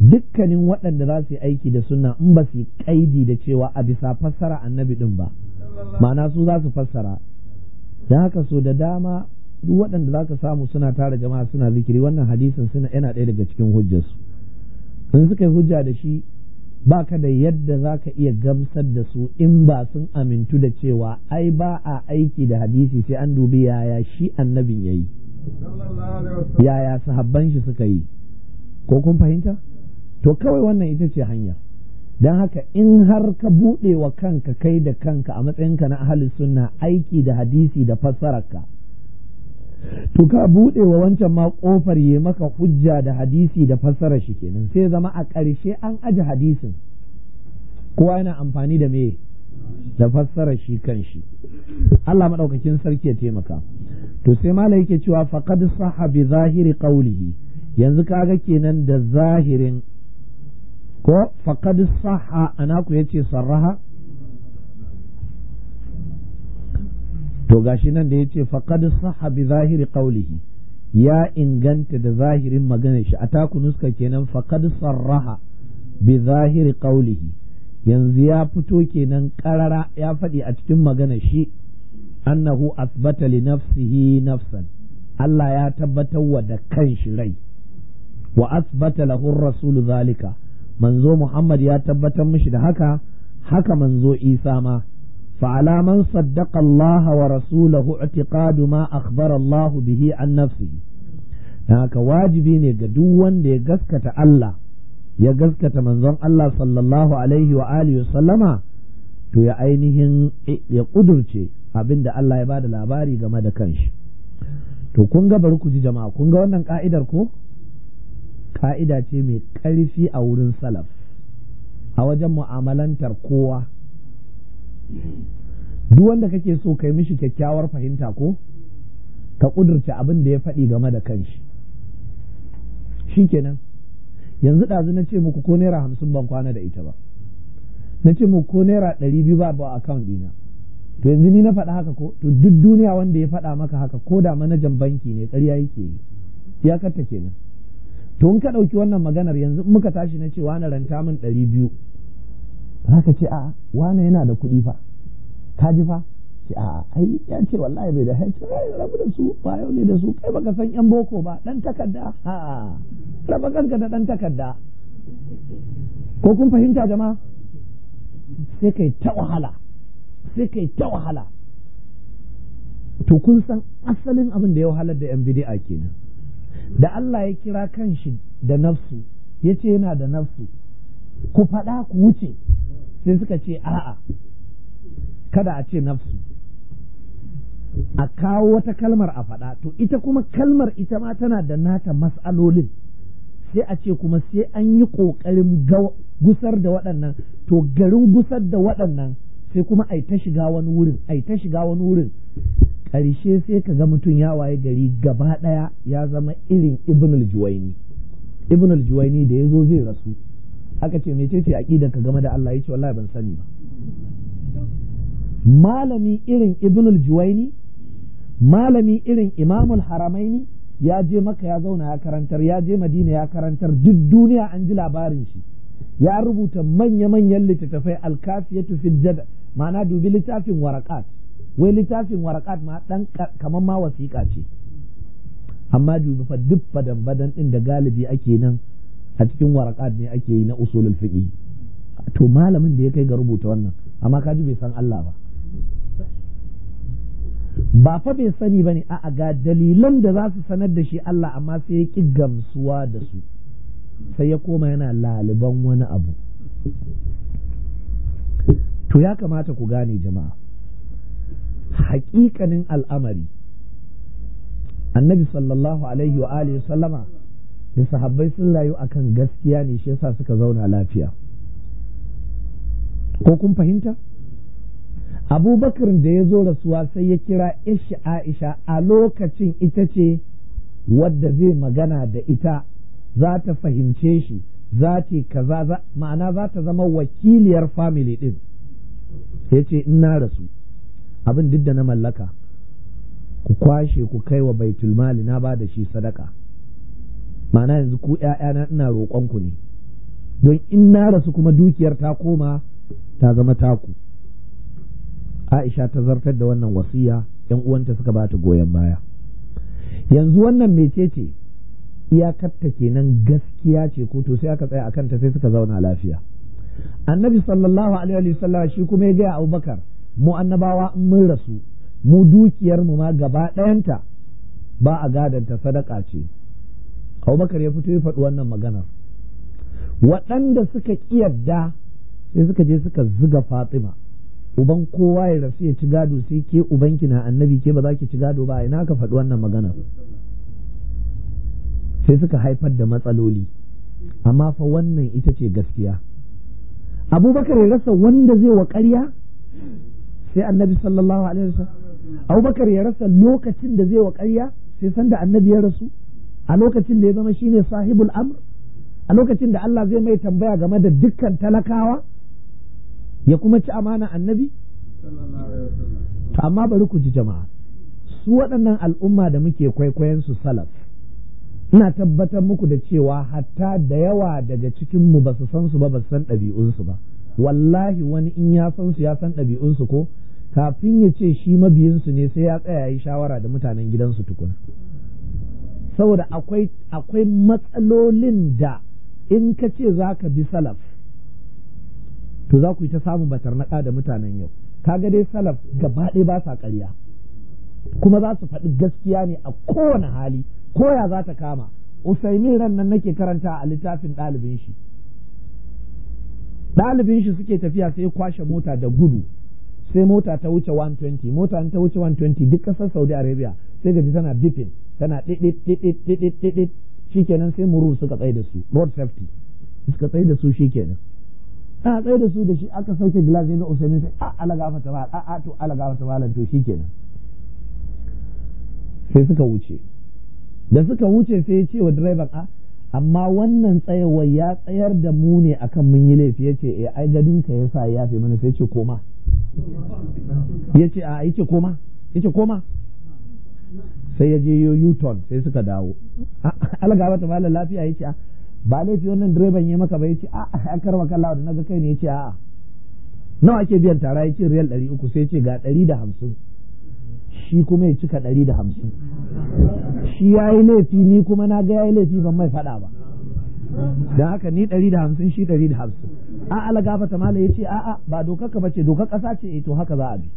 dukkanin waɗanda za su yi aiki da sunna in ba su yi ƙaidi da cewa a bisa fassara annabi ɗin ba ma'ana su za su fassara da haka so da dama duk waɗanda za ka samu suna tara jama'a suna zikiri wannan hadisin suna yana ɗaya daga cikin hujjarsu in suka yi hujja da shi ba ka da yadda za ka iya gamsar da su in ba sun amintu da cewa ai ba a aiki da hadisi sai an dubi yaya shi annabin ya yi yaya sahabban shi suka yi ko kun fahimta to kawai wannan ita ce hanya don haka in har ka buɗe wa kanka kai da kanka a matsayinka na ahli sunna aiki da hadisi da fassararka to ka buɗe wa wancan ma ƙofar yi maka hujja da hadisi da fassarar shi kenan sai zama a ƙarshe an aji hadisin kowa yana amfani da me da fassarar shi kan shi Allah maɗaukakin sarki ya taimaka to sai mala yake cewa faqad sahabi zahiri qawlihi yanzu kaga kenan da zahirin ko a naku anaku yace sarraha to gashi nan da yace faƙad saha bi zahiri ƙaulihi ya inganta da zahirin maganar shi a taku nuska kenan faƙad sarraha bi zahiri ƙaulihi yanzu ya fito kenan karara ya faɗi a cikin maganar shi annahu asbata li nafsihi nafsan Allah ya tabbatar wa da kanshi rai wa asbata lahu rasulu zalika manzo Muhammad ya tabbatar mishi da haka haka manzo Isa ma فعلى من wa الله wa اعتقاد ما أخبر bihi an عن na haka wajibi ne ga duk wanda ya gaskata Allah ya gaskata manzon Allah sallallahu alaihi wa alihi sallama to ya ainihin ya kudurce abinda Allah ya bada labari game da kanshi to kun ga bari ku ji jama'a kun ga wannan ka'idar ko ka'ida ce mai ƙarfi a wurin salaf a wajen mu'amalantar kowa duk wanda kake so kai mishi kyakkyawar fahimta ko ka ƙudurce abin da ya faɗi game da kanshi shi kenan yanzu ɗazu na ce muku ko naira hamsin ban kwana da ita ba na ce muku ko naira ɗari biyu ba ba akawun ɗina to yanzu ni na faɗa haka ko to duk duniya wanda ya faɗa maka haka ko da manajan banki ne ƙarya yake yi iyakarta kenan to in ka ɗauki wannan maganar yanzu muka tashi na ce wane ranta min ɗari biyu za ka ce a'a wani yana da kuɗi fa ka ji fa ce a'a ai ya ce wallahi bai da hai ce ai rabu da su ba yau ne da su kai baka san yan boko ba ɗan takarda a'a raba kanka da ɗan takarda ko kun fahimta jama'a sai kai ta wahala sai kai ta wahala to kun san asalin abin da ya wahalar da yan bidi'a kenan da Allah ya kira kanshi da nafsu ya ce yana da nafsu ku faɗa ku wuce sai suka ce a'a kada a ce nafsu a kawo wata kalmar a faɗa to ita kuma kalmar ita ma tana da nata mas'alolin sai a ce kuma sai an yi ƙoƙarin gusar da waɗannan to garin gusar da waɗannan sai kuma ai ta shiga wani wurin ai ta shiga wani wurin ƙarshe sai ka ga mutum ya waye gari gaba ɗaya ya zama irin ibn al-juwaini ibn al-juwaini da ya zo zai rasu aka ce mecece aqidan ka game da Allah yace wallahi ban sani ba malami irin ibn al-juwaini malami irin imamul haramaini ya je maka ya zauna ya karantar ya je madina ya karantar duk duniya an ji labarin shi ya rubuta manya-manyan littattafai ya fil jada ma'ana dubi littafin warakat wai littafin warakat ma dan kamar ma wasiƙa ce amma dubi fa duk badan badan din da galibi ake nan a cikin warakat ne ake yi na usulul fiqh to malamin da ya kai ga rubuta wannan amma kaji bai san Allah ba ba fa bai sani ba ne a ga dalilan da za su sanar da shi Allah amma sai ya ki gamsuwa da su sai ya koma yana laliban wani abu to ya kamata ku gane jama'a haƙiƙanin al'amari annabi sallallahu alaihi wa alihi sallama da sahabbai sun a kan gaskiya ne shi yasa suka zauna lafiya ko kun fahimta abubakar da ya zo rasuwa sai ya kira ishi aisha a lokacin ita ce wadda zai magana da ita za ta fahimce shi za ta kaza ma'ana za ta zama wakiliyar family din ya ce ina rasu abin duk da na mallaka ku kwashe ku kai wa baitul mali na ba da shi sadaka ma'ana yanzu ku ‘ya'yana ina roƙon ku ne don in na rasu kuma dukiyar ta koma ta zama taku aisha ta zartar da wannan wasiya ‘yan uwanta suka ba ta goyon baya yanzu wannan mecece iyakarta kenan gaskiya ce ko to sai aka tsaya akan ta sai suka zauna lafiya annabi sallallahu alaihi wasallam shi kuma ya gaya abubakar mu annabawa in mun rasu mu dukiyar mu ma gaba ɗayanta ba a gadanta sadaka ce Abubakar ya fito ya faɗi wannan maganar waɗanda suka ƙiyarda sai suka je suka zuga Fatima uban kowa ya rasu ya ci gado sai ke ubanki na annabi ke ba za ki ci gado ba ina ka faɗi wannan maganar sai suka haifar da matsaloli amma fa wannan ita ce gaskiya abubakar ya rasa wanda zai wa ƙarya sai annabi sallallahu alaihi wasallam abubakar ya rasa lokacin da zai wa ƙarya sai sanda annabi ya rasu a lokacin da ya zama shine sahibul amr a lokacin da Allah zai mai tambaya game da dukkan talakawa ya kuma ci amana annabi to amma bari ku ji jama'a su waɗannan al'umma da muke kwaikwayon su salaf ina tabbatar muku da cewa hatta da yawa daga cikinmu ba su san su ba ba su san ɗabi'unsu ba wallahi wani in ya san su ya san ɗabi'unsu ko kafin ya ce shi mabiyinsu ne sai ya tsaya yi shawara da mutanen gidansu tukuna saboda akwai akwai matsalolin da in ka ce za ka bi salaf to za ku yi ta samun naɗa da mutanen yau kaga dai salaf gaba ɗaya ba sa ƙarya kuma za su faɗi gaskiya ne a kowane hali koya za ta kama usaimin ran nan nake karanta a littafin ɗalibin shi ɗalibin shi suke tafiya sai kwashe mota da gudu sai mota ta wuce 120 mota ta wuce 120 duk ƙasar saudi arabia sai gaji tana bifin tana ɗiɗɗiɗɗiɗɗiɗɗiɗɗiɗ shikenan sai muru suka tsaye da su road safety suka tsaye da su shikenan a tsaye da su da shi aka sauke gilas na usaini sai a alaga ta ba a to alaga ta ba to shikenan sai suka wuce da suka wuce sai ya ce wa direban a ah, amma wannan tsayawar ya tsayar da mu ne akan mun yi laifi ce eh ai gadin ka yasa ya fi mana sai ce koma yace a yace koma ce koma sai ya je yo u sai suka dawo alga ta malam lafiya yace a ba laifi wannan direban ya maka ba yace a a karwa lawa da naga kai ne yace a nawa ake biyan tara ce riyal 300 sai ce ga hamsin. shi kuma ya cika ɗari da hamsin shi ya yi laifi ni kuma na ga ya yi laifi ban mai faɗa ba don haka ni ɗari da hamsin shi ɗari da hamsin a ala gafata mala ya ce a'a ba dokar ka bace dokar ƙasa ce eh, to haka za a bi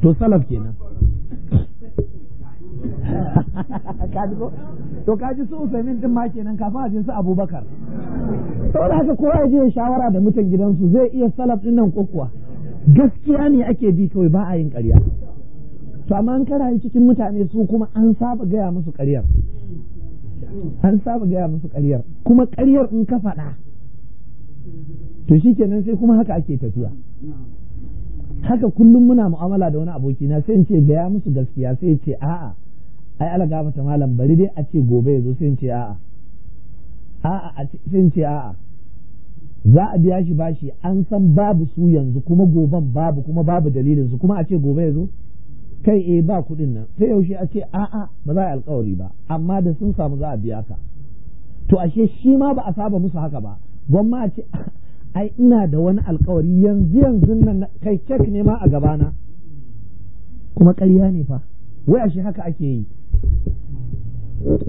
to salaf kenan kaji ko to kaji su usaimin din ma kenan kafin a je su abubakar saboda haka kowa ya je shawara da mutan gidansu zai iya salaf din nan kokkuwa gaskiya ne ake bi kawai ba a yin ƙarya to amma an karaye cikin mutane su kuma an saba gaya musu ƙaryar an saba gaya musu ƙaryar kuma ƙaryar in ka faɗa to shikenan sai kuma haka ake tafiya haka kullum muna mu'amala da wani abokina sai ce gaya musu gaskiya sai ya ce a'a ai ala mata malam bari dai a ce gobe yazo sai in ce a'a a'a sai in ce a'a za a biya shi bashi an san babu su yanzu kuma goben babu kuma babu dalilin su kuma a ce gobe yazo kai eh ba kuɗin nan sai yaushe a ce a'a ba za a yi alkawari ba amma da sun samu za a biya ka to ashe shi ma ba a saba musu haka ba gwamma a ce ai ina da wani alkawari yanzu yanzu nan kai cek ne ma a gabana kuma ƙarya ne fa wai ashe haka ake yi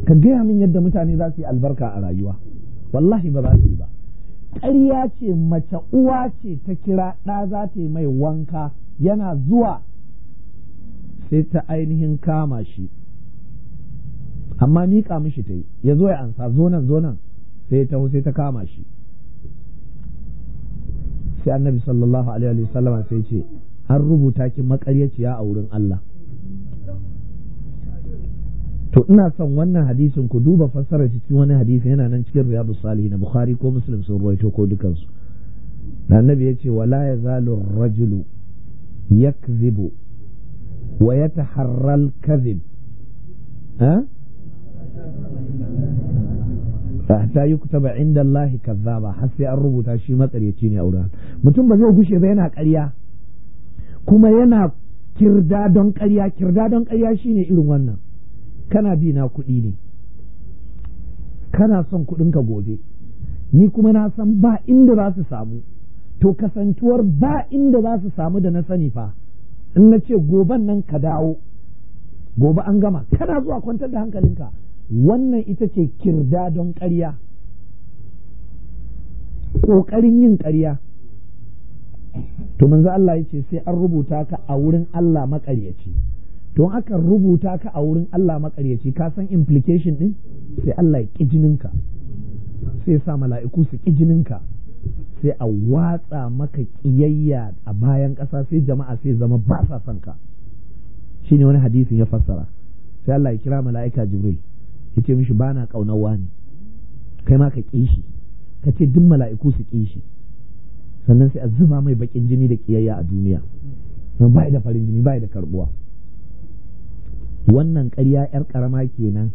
ka gaya min yadda mutane za su yi albarka a rayuwa wallahi ba za su yi ba ƙarya ce mace uwa ce ta kira ɗa za ta yi mai wanka yana zuwa sai ta ainihin kama shi amma miƙa mishi ta yi ya zo ya ansa zonan zonan sai ta sai ta kama shi sai annabi sallallahu alaihi wa sai ce an rubuta ki makaryaciya a wurin Allah to ina son wannan hadisin ku duba fassara cikin wani hadisi yana nan cikin riyadu salihin na bukhari ko muslim sun ruwaito ko dukansu da annabi ya ce wala ya zalu rajulu yakzibu wa ya taharral kazib ta yi kutaba kazzaba har sai an rubuta shi matsaryaci ne a mutum ba zai gushe ba yana ƙarya kuma yana kirda don ƙarya kirda don ƙarya shine irin wannan kana bi na kuɗi ne kana son ka gobe ni kuma na san ba inda za su samu to kasantuwar ba inda za su samu da na sani fa in na ce goban nan ka dawo gobe an gama kana zuwa kwantar da hankalinka wannan ita ce kirda don ƙarya ƙoƙarin yin ƙarya to manzo Allah ya ce sai an rubuta ka a wurin Allah maƙaryaci to aka rubuta ka a wurin Allah maƙaryaci ka san implication din sai Allah ya ƙi jininka sai sa mala'iku su ƙi jininka sai a watsa maka kiyayya a bayan ƙasa sai jama'a sai zama ba sa son ka shine wani hadisin ya fassara sai Allah ya kira mala'ika Jibril ya ce mishi bana ƙaunar wani kai ma ka ƙi shi ka ce duk mala'iku su ƙi shi sannan sai a zuba mai baƙin jini da kiyayya a duniya don ba da farin jini ba da karbuwa wannan ƙarya yar ƙarama kenan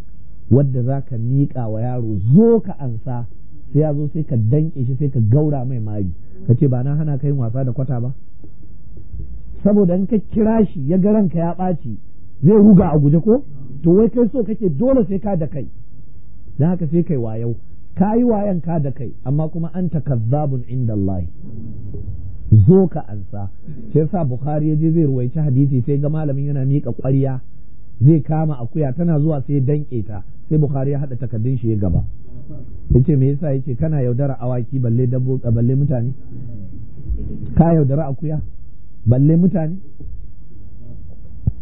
wadda za ka miƙa wa yaro zo ka ansa sai ya zo sai ka danƙe shi sai ka gaura mai mari ka ce ba na hana ka yin wasa da kwata ba saboda in ka kira shi ya ga ranka ya ɓaci zai ruga a guje ko to wai kai so kake dole sai ka da kai dan haka sai kai wayau ka yi wayan ka da kai amma kuma an takazzabun inda Allah zo ka ansa sai sa Bukhari ya je zai ruwaici hadisi sai ga malamin yana miƙa ƙwarya zai kama akuya tana zuwa sai danƙe ta sai bukhari ya hada takaddun shi ya gaba yace me yasa yake kana yaudara awaki balle dabbo balle mutane ka yaudara akuya balle mutane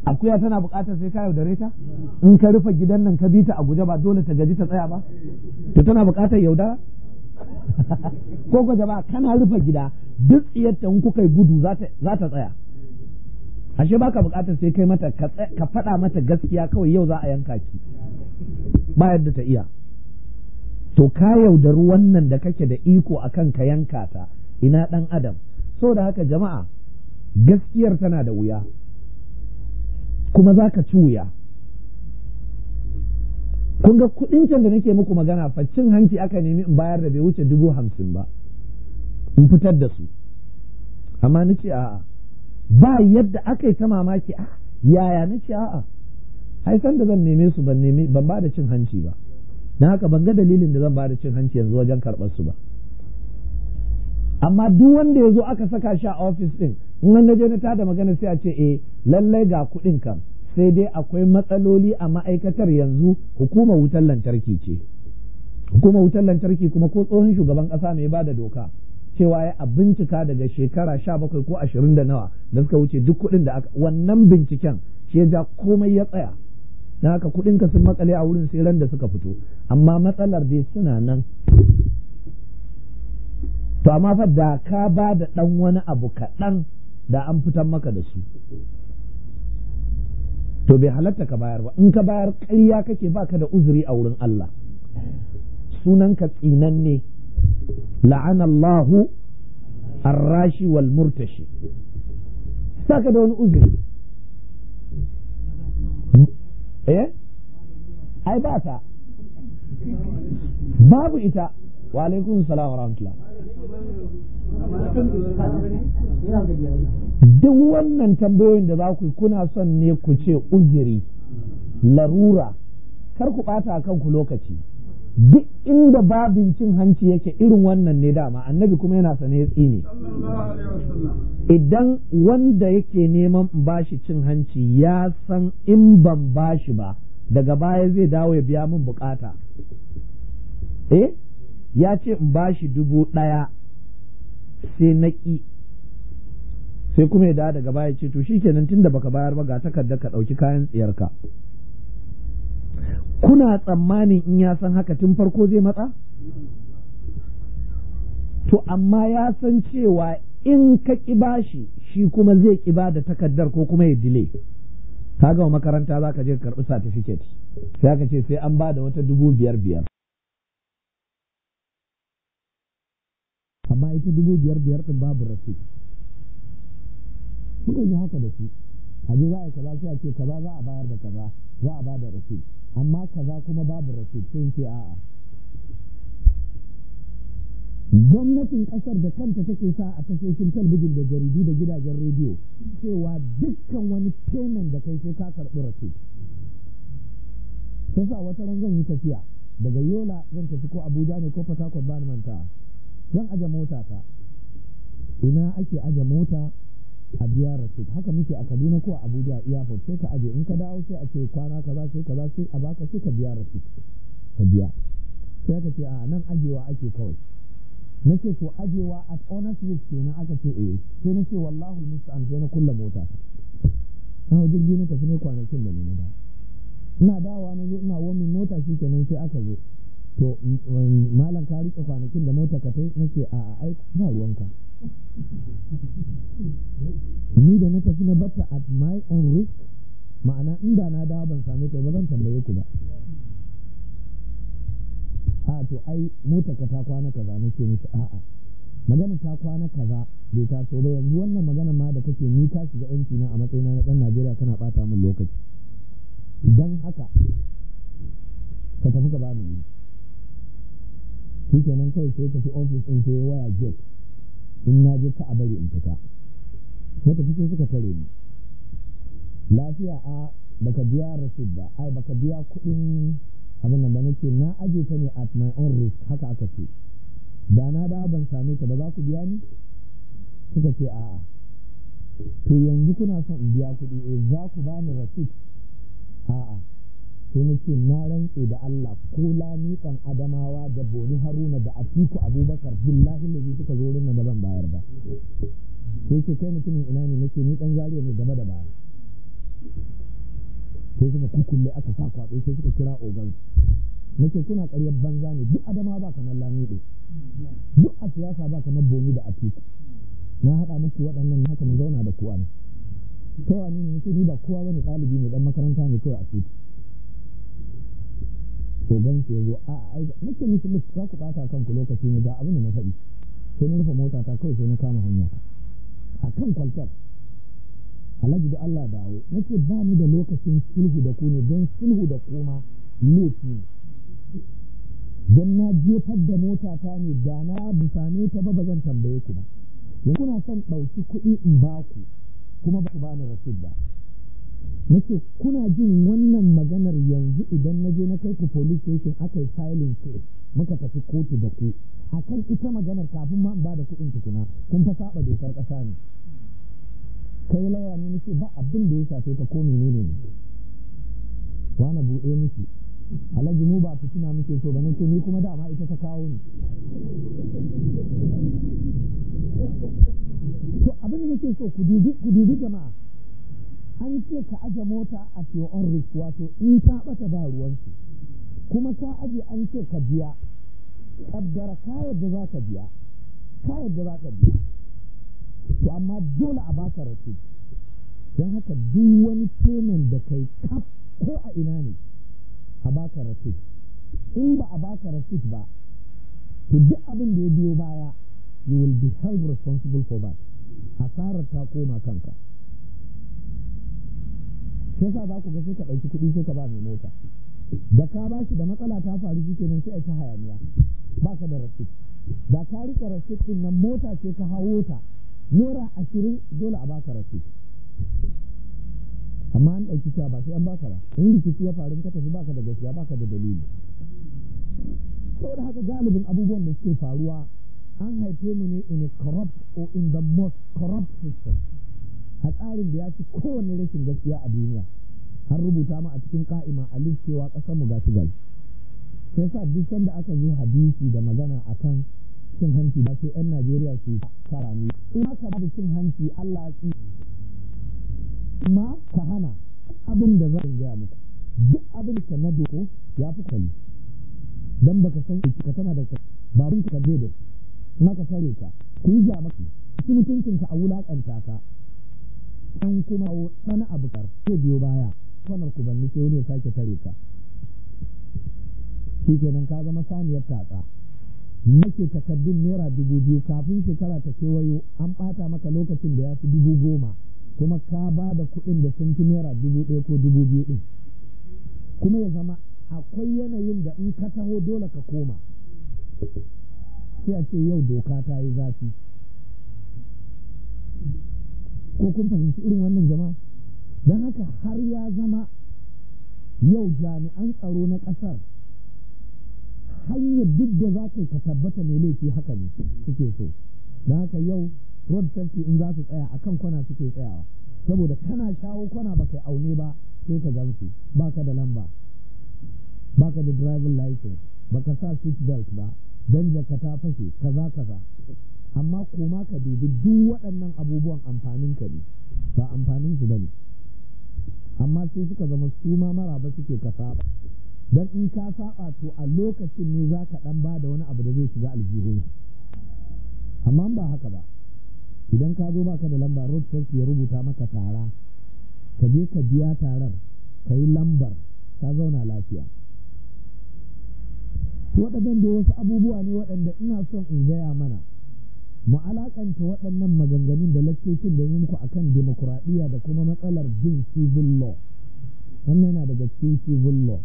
akuya tana bukatar sai ka yaudare ta in ka rufe gidan nan ka bi ta a guje ba dole ta gaji ta tsaya ba to tana bukatar yaudara ko ko jama'a kana rufe gida duk tsiyarta in kuka yi gudu za ta tsaya ashe baka bukatar sai kai mata ka faɗa mata gaskiya kawai yau za a yanka ki ba yadda ta iya to ka yaudaru wannan da kake da iko a kan ka yanka ta ina ɗan adam so da haka jama'a gaskiyar tana da wuya kuma za ka ci wuya kun ga kuɗin can da nake muku magana faccin hanci aka nemi in bayar da bai wuce dubu hamsin ba in fitar da su amma nace a'a ba yadda aka yi ta mamaki a ah, yaya nace a'a ai san da zan neme su ban neme ban ba cin hanci ba na haka ban ga dalilin da zan ba da cin hanci yanzu wajen karɓar su ba amma duk wanda ya zo aka saka shi a ofis ɗin in na je na tada magana sai a ce eh lallai ga kuɗin kam sai dai akwai matsaloli a ma'aikatar yanzu hukumar wutar lantarki ce hukumar wutar lantarki kuma ko tsohon shugaban ƙasa mai ba da doka cewa ya a bincika daga shekara sha bakwai ko ashirin da nawa da suka wuce duk kuɗin da aka wannan binciken shi ya ja komai ya tsaya na haka kuɗin ka sun makale a wurin sai da suka fito amma matsalar dai suna nan to amma fa da ka ba da ɗan wani abu kaɗan da an fitan maka da su to bai halatta ka bayar ba in ka bayar ƙarya kake baka da uzuri a wurin Allah sunanka ne la'anallahu arrashi wal murtashi saka da wani uzuri eh ai ba ta babu ita wa alaikum salam wa rahmatullah duk wannan tambayoyin da za ku yi kuna son ne ku ce uzuri larura kar ku bata kanku lokaci duk inda babin cin hanci yake irin wannan ne dama annabi kuma yana sane ya tsine idan wanda yake neman bashi cin hanci ya san in ban bashi ba daga baya zai dawo ya biya min bukata eh ya ce in bashi dubu ɗaya sai na ƙi sai kuma ya dawo daga baya ce to shikenan tunda baka bayar ba ga takarda ka ɗauki kayan tsiyarka kuna tsammanin in ya san haka tun farko zai matsa to amma ya san cewa in ka ƙiba shi shi kuma zai ƙiba da takardar ko kuma ya dile ka gama makaranta za ka je karɓi satifiket sai aka ce sai an ba da wata dubu biyar biyar amma ita dubu biyar biyar ɗin babu rafi muka yi haka da su a je za a yi kaza sai a ce kaza za a bayar da kaza za a ba da rafi amma kaza kuma babu rasul sun ce a'a gwamnatin kasar da kanta take sa a tashoshin talbijin da jaridu da gidajen rediyo cewa dukkan wani payment da kai sai ka karɓi rasul ta sa wata ran zan yi tafiya daga yola zan tafi ko abuja ne ko port ni manta zan aje mota ta ina ake aje mota a biyar rasit haka muke a kaduna ko a abuja airport sai ka aje in ka dawo sai a ce kwana kaza sai kaza sai a baka sai ka biya rasit ka biya sai ka ce a nan ajewa ake kawai na ce to ajewa at honest risk kenan aka ce eh sai na ce wallahu musta'an sai na kulla mota na hau jirgi na tafi ne kwanakin da ne na dawo ina dawowa na zo ina wani mota shi kenan sai aka zo to mm, mm, malam ka rike kwanakin da mota ka tai na ce a ai ba ruwanka ni da na tafi na bata at my own risk ma'ana inda na dawo ban same ka ba zan tambaye ku ba a to ai mota ka ta kwana kaza na ke mishi a'a magana ta kwana kaza bai ta so ba yanzu wannan magana ma da kake ni ka shiga yanci na a matsayina na dan Najeriya kana bata min lokaci dan haka ka tafi ka bani shi kenan kawai sai tafi ofis din sai waya gate in na je ka a bari in fita na tafi suka tare ni lafiya a baka biya rasid ba ai baka biya kuɗin abin nan ba nake na aje ta ne at my own risk haka aka ce da na da ban same ta ba za ku biya ni suka ce a'a to yanzu kuna son in biya kuɗi eh za ku bani rasid a'a sai na ce na rantse da Allah ko lamikan adamawa da Boni haruna da atiku abubakar billahi da suka zo rinna ba zan bayar ba sai ce kai mutumin ina ne nake ni dan zariya ne gaba da baya sai suka kukulle aka sa kwaɗo sai suka kira ogan nace kuna karyar banza ne duk adama ba kamar lamiɗe duk a siyasa ba kamar Boni da atiku na haɗa muku waɗannan haka mu zauna da kowa ne kowa ne ne ni ba kowa bane ɗalibi ne dan makaranta ne kawai a titi ogan ke zo a ai nake miki za ku bata kanku lokaci ne ba abin da na faɗi sai na rufe mota ta kawai sai na kama hanya a kan kwaltar alhaji da Allah dawo nake ba ni da lokacin sulhu da ku ne don sulhu da koma laifi ne don na jefar da mota ta ne da na bisane ta ba ba zan tambaye ku ba yanzu kuna son ɗauki kuɗi in ba ku kuma ba ku ba ni rasid ba nace kuna jin wannan maganar yanzu idan na je na kai ku police station aka yi filing case muka tafi kotu da ku a kan ita maganar kafin ma ba da kuɗin tukuna kun fa saba dokar ƙasa ne kai lawa ne nake ba abin da ya shafe ka ko menene ne wani buɗe miki alhaji mu ba tuna muke so ba nan ce ni kuma dama ita ta kawo ni to abin da nake so ku dubi jama'a an ce ka aje mota a your own wato in ta bata ba ruwansu kuma ka aje an ce ka biya kaddara ka yadda za ka biya ka yadda za ka biya to amma dole a baka rasu don haka duk wani payment da kai kaf ko a ina ne a baka rasu in ba a baka rasu ba to duk abin da ya biyo baya you will be held responsible for that asarar ta koma kanka sai sa za ku ga sai ka ɗauki kuɗi sai ka ba mai mota da ka ba shi da matsala ta faru shi kenan sai a ta hayaniya ba ka da rasit da ka rika rasit ɗin nan mota ce ka hawo ta nora ashirin dole a ba ka rasit amma an ɗauki cewa ba sai an baka ba in rikici ya faru ka tafi baka da gaskiya baka da dalili saboda haka galibin abubuwan da suke faruwa an haife mu ne in a corrupt or in the most corrupt system tsarin da ya fi kowane rashin gaskiya a duniya har rubuta mu a cikin ka'ima a cewa ƙasar mu gashi gashi sai sa duk sanda aka zo hadisi da magana a akan cin hanci ba sai 'yan Najeriya su kara ne ina ka ba cin hanci Allah ya ma ka hana abin da zan gaya muku duk abin da na doko ya fi kalli dan baka san ka tana da babin ka da kuma ka sare ka ku yi jamaki ki mutuncinka a wulaƙanta ka an kuma wani abu kar ko biyo baya ku ban nike wani ya sake tare ka shi nan ka zama saniyar tatsa nake takaddun naira dubu biyu kafin shekara ta kewayo an ɓata maka lokacin da ya fi dubu goma kuma ka ba da kuɗin da sun fi naira dubu ɗaya ko dubu biyu ɗin kuma ya zama akwai yanayin da in ka taho dole ka koma sai a ce yau doka ta yi zafi ko kun fahimci irin wannan jama'a don haka har ya zama yau jami'an tsaro na ƙasar hanyar duk da za ka ka tabbata mai laifi haka ne suke so don haka yau road safety in za su tsaya a kan kwana suke tsayawa saboda kana shawo kwana ba kai aune ba sai ka gamsu ba ka da lamba ba ka da driving license ba ka sa seat belt ba don jaka ta fashe kaza kaza amma koma ka dubi duk waɗannan abubuwan amfanin ka ne ba amfanin su ba ne amma sai suka zama su ma maraba suke ka saba dan in ka saba to a lokacin ne za ka ɗan ba da wani abu da zai shiga aljihun amma ba haka ba idan ka zo baka da lamba road safety ya rubuta maka tara ka je ka biya tarar ka yi lambar ka zauna lafiya waɗannan da wasu abubuwa ne waɗanda ina son in gaya mana mu alaƙanta waɗannan maganganun da lakcocin da yi muku akan demokuraɗiyya da kuma matsalar jin civil law wannan yana daga cikin civil law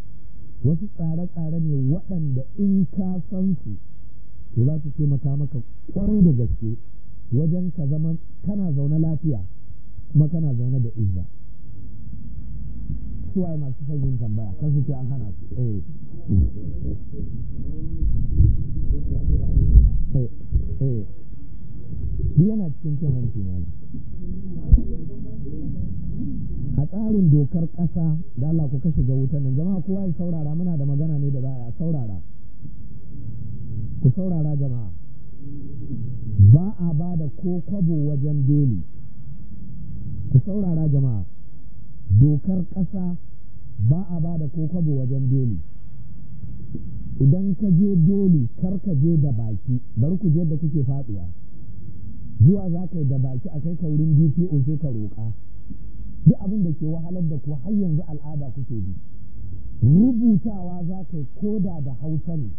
wasu tsare-tsare ne waɗanda in ka san su to za su taimaka maka kwarai da gaske wajen ka zama kana zaune lafiya kuma kana zaune da izza su waye masu son tambaya kan su ce an hana su eh, eh. eh. yana cikin cin hanci ne a tsarin dokar ƙasa da Allah ku kashe ga wutan nan jama'a kowa ya saurara muna da magana ne da za a saurara ku saurara jama'a ba a ba da ko kwabo wajen beli ku saurara jama'a dokar ƙasa ba a ba da ko kwabo wajen beli idan ka je doli kar ka je da baki bari ku je da kuke faduwa zuwa za ka yi da baki a kai ka wurin DCO sai ka roƙa duk abin da ke wahalar da ku har yanzu al'ada kuke bi rubutawa za ka yi koda da hausa ne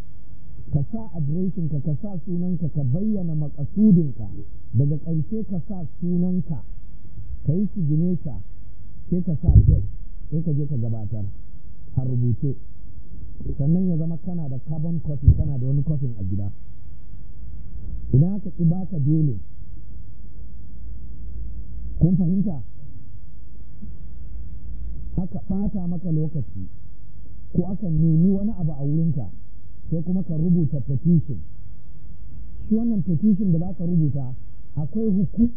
ka sa adireshinka ka sa sunanka ka bayyana makasudinka daga ƙarshe ka sa sunanka ka yi sigineta sai ka sa jet sai ka je ka gabatar a rubuce sannan ya zama kana da carbon copy kana da wani kofin a gida idan aka ƙi baka dole kun fahimta aka ɓata maka lokaci ko aka nemi wani abu a wurinka sai kuma ka rubuta petition shi wannan petition da za ka rubuta akwai hukum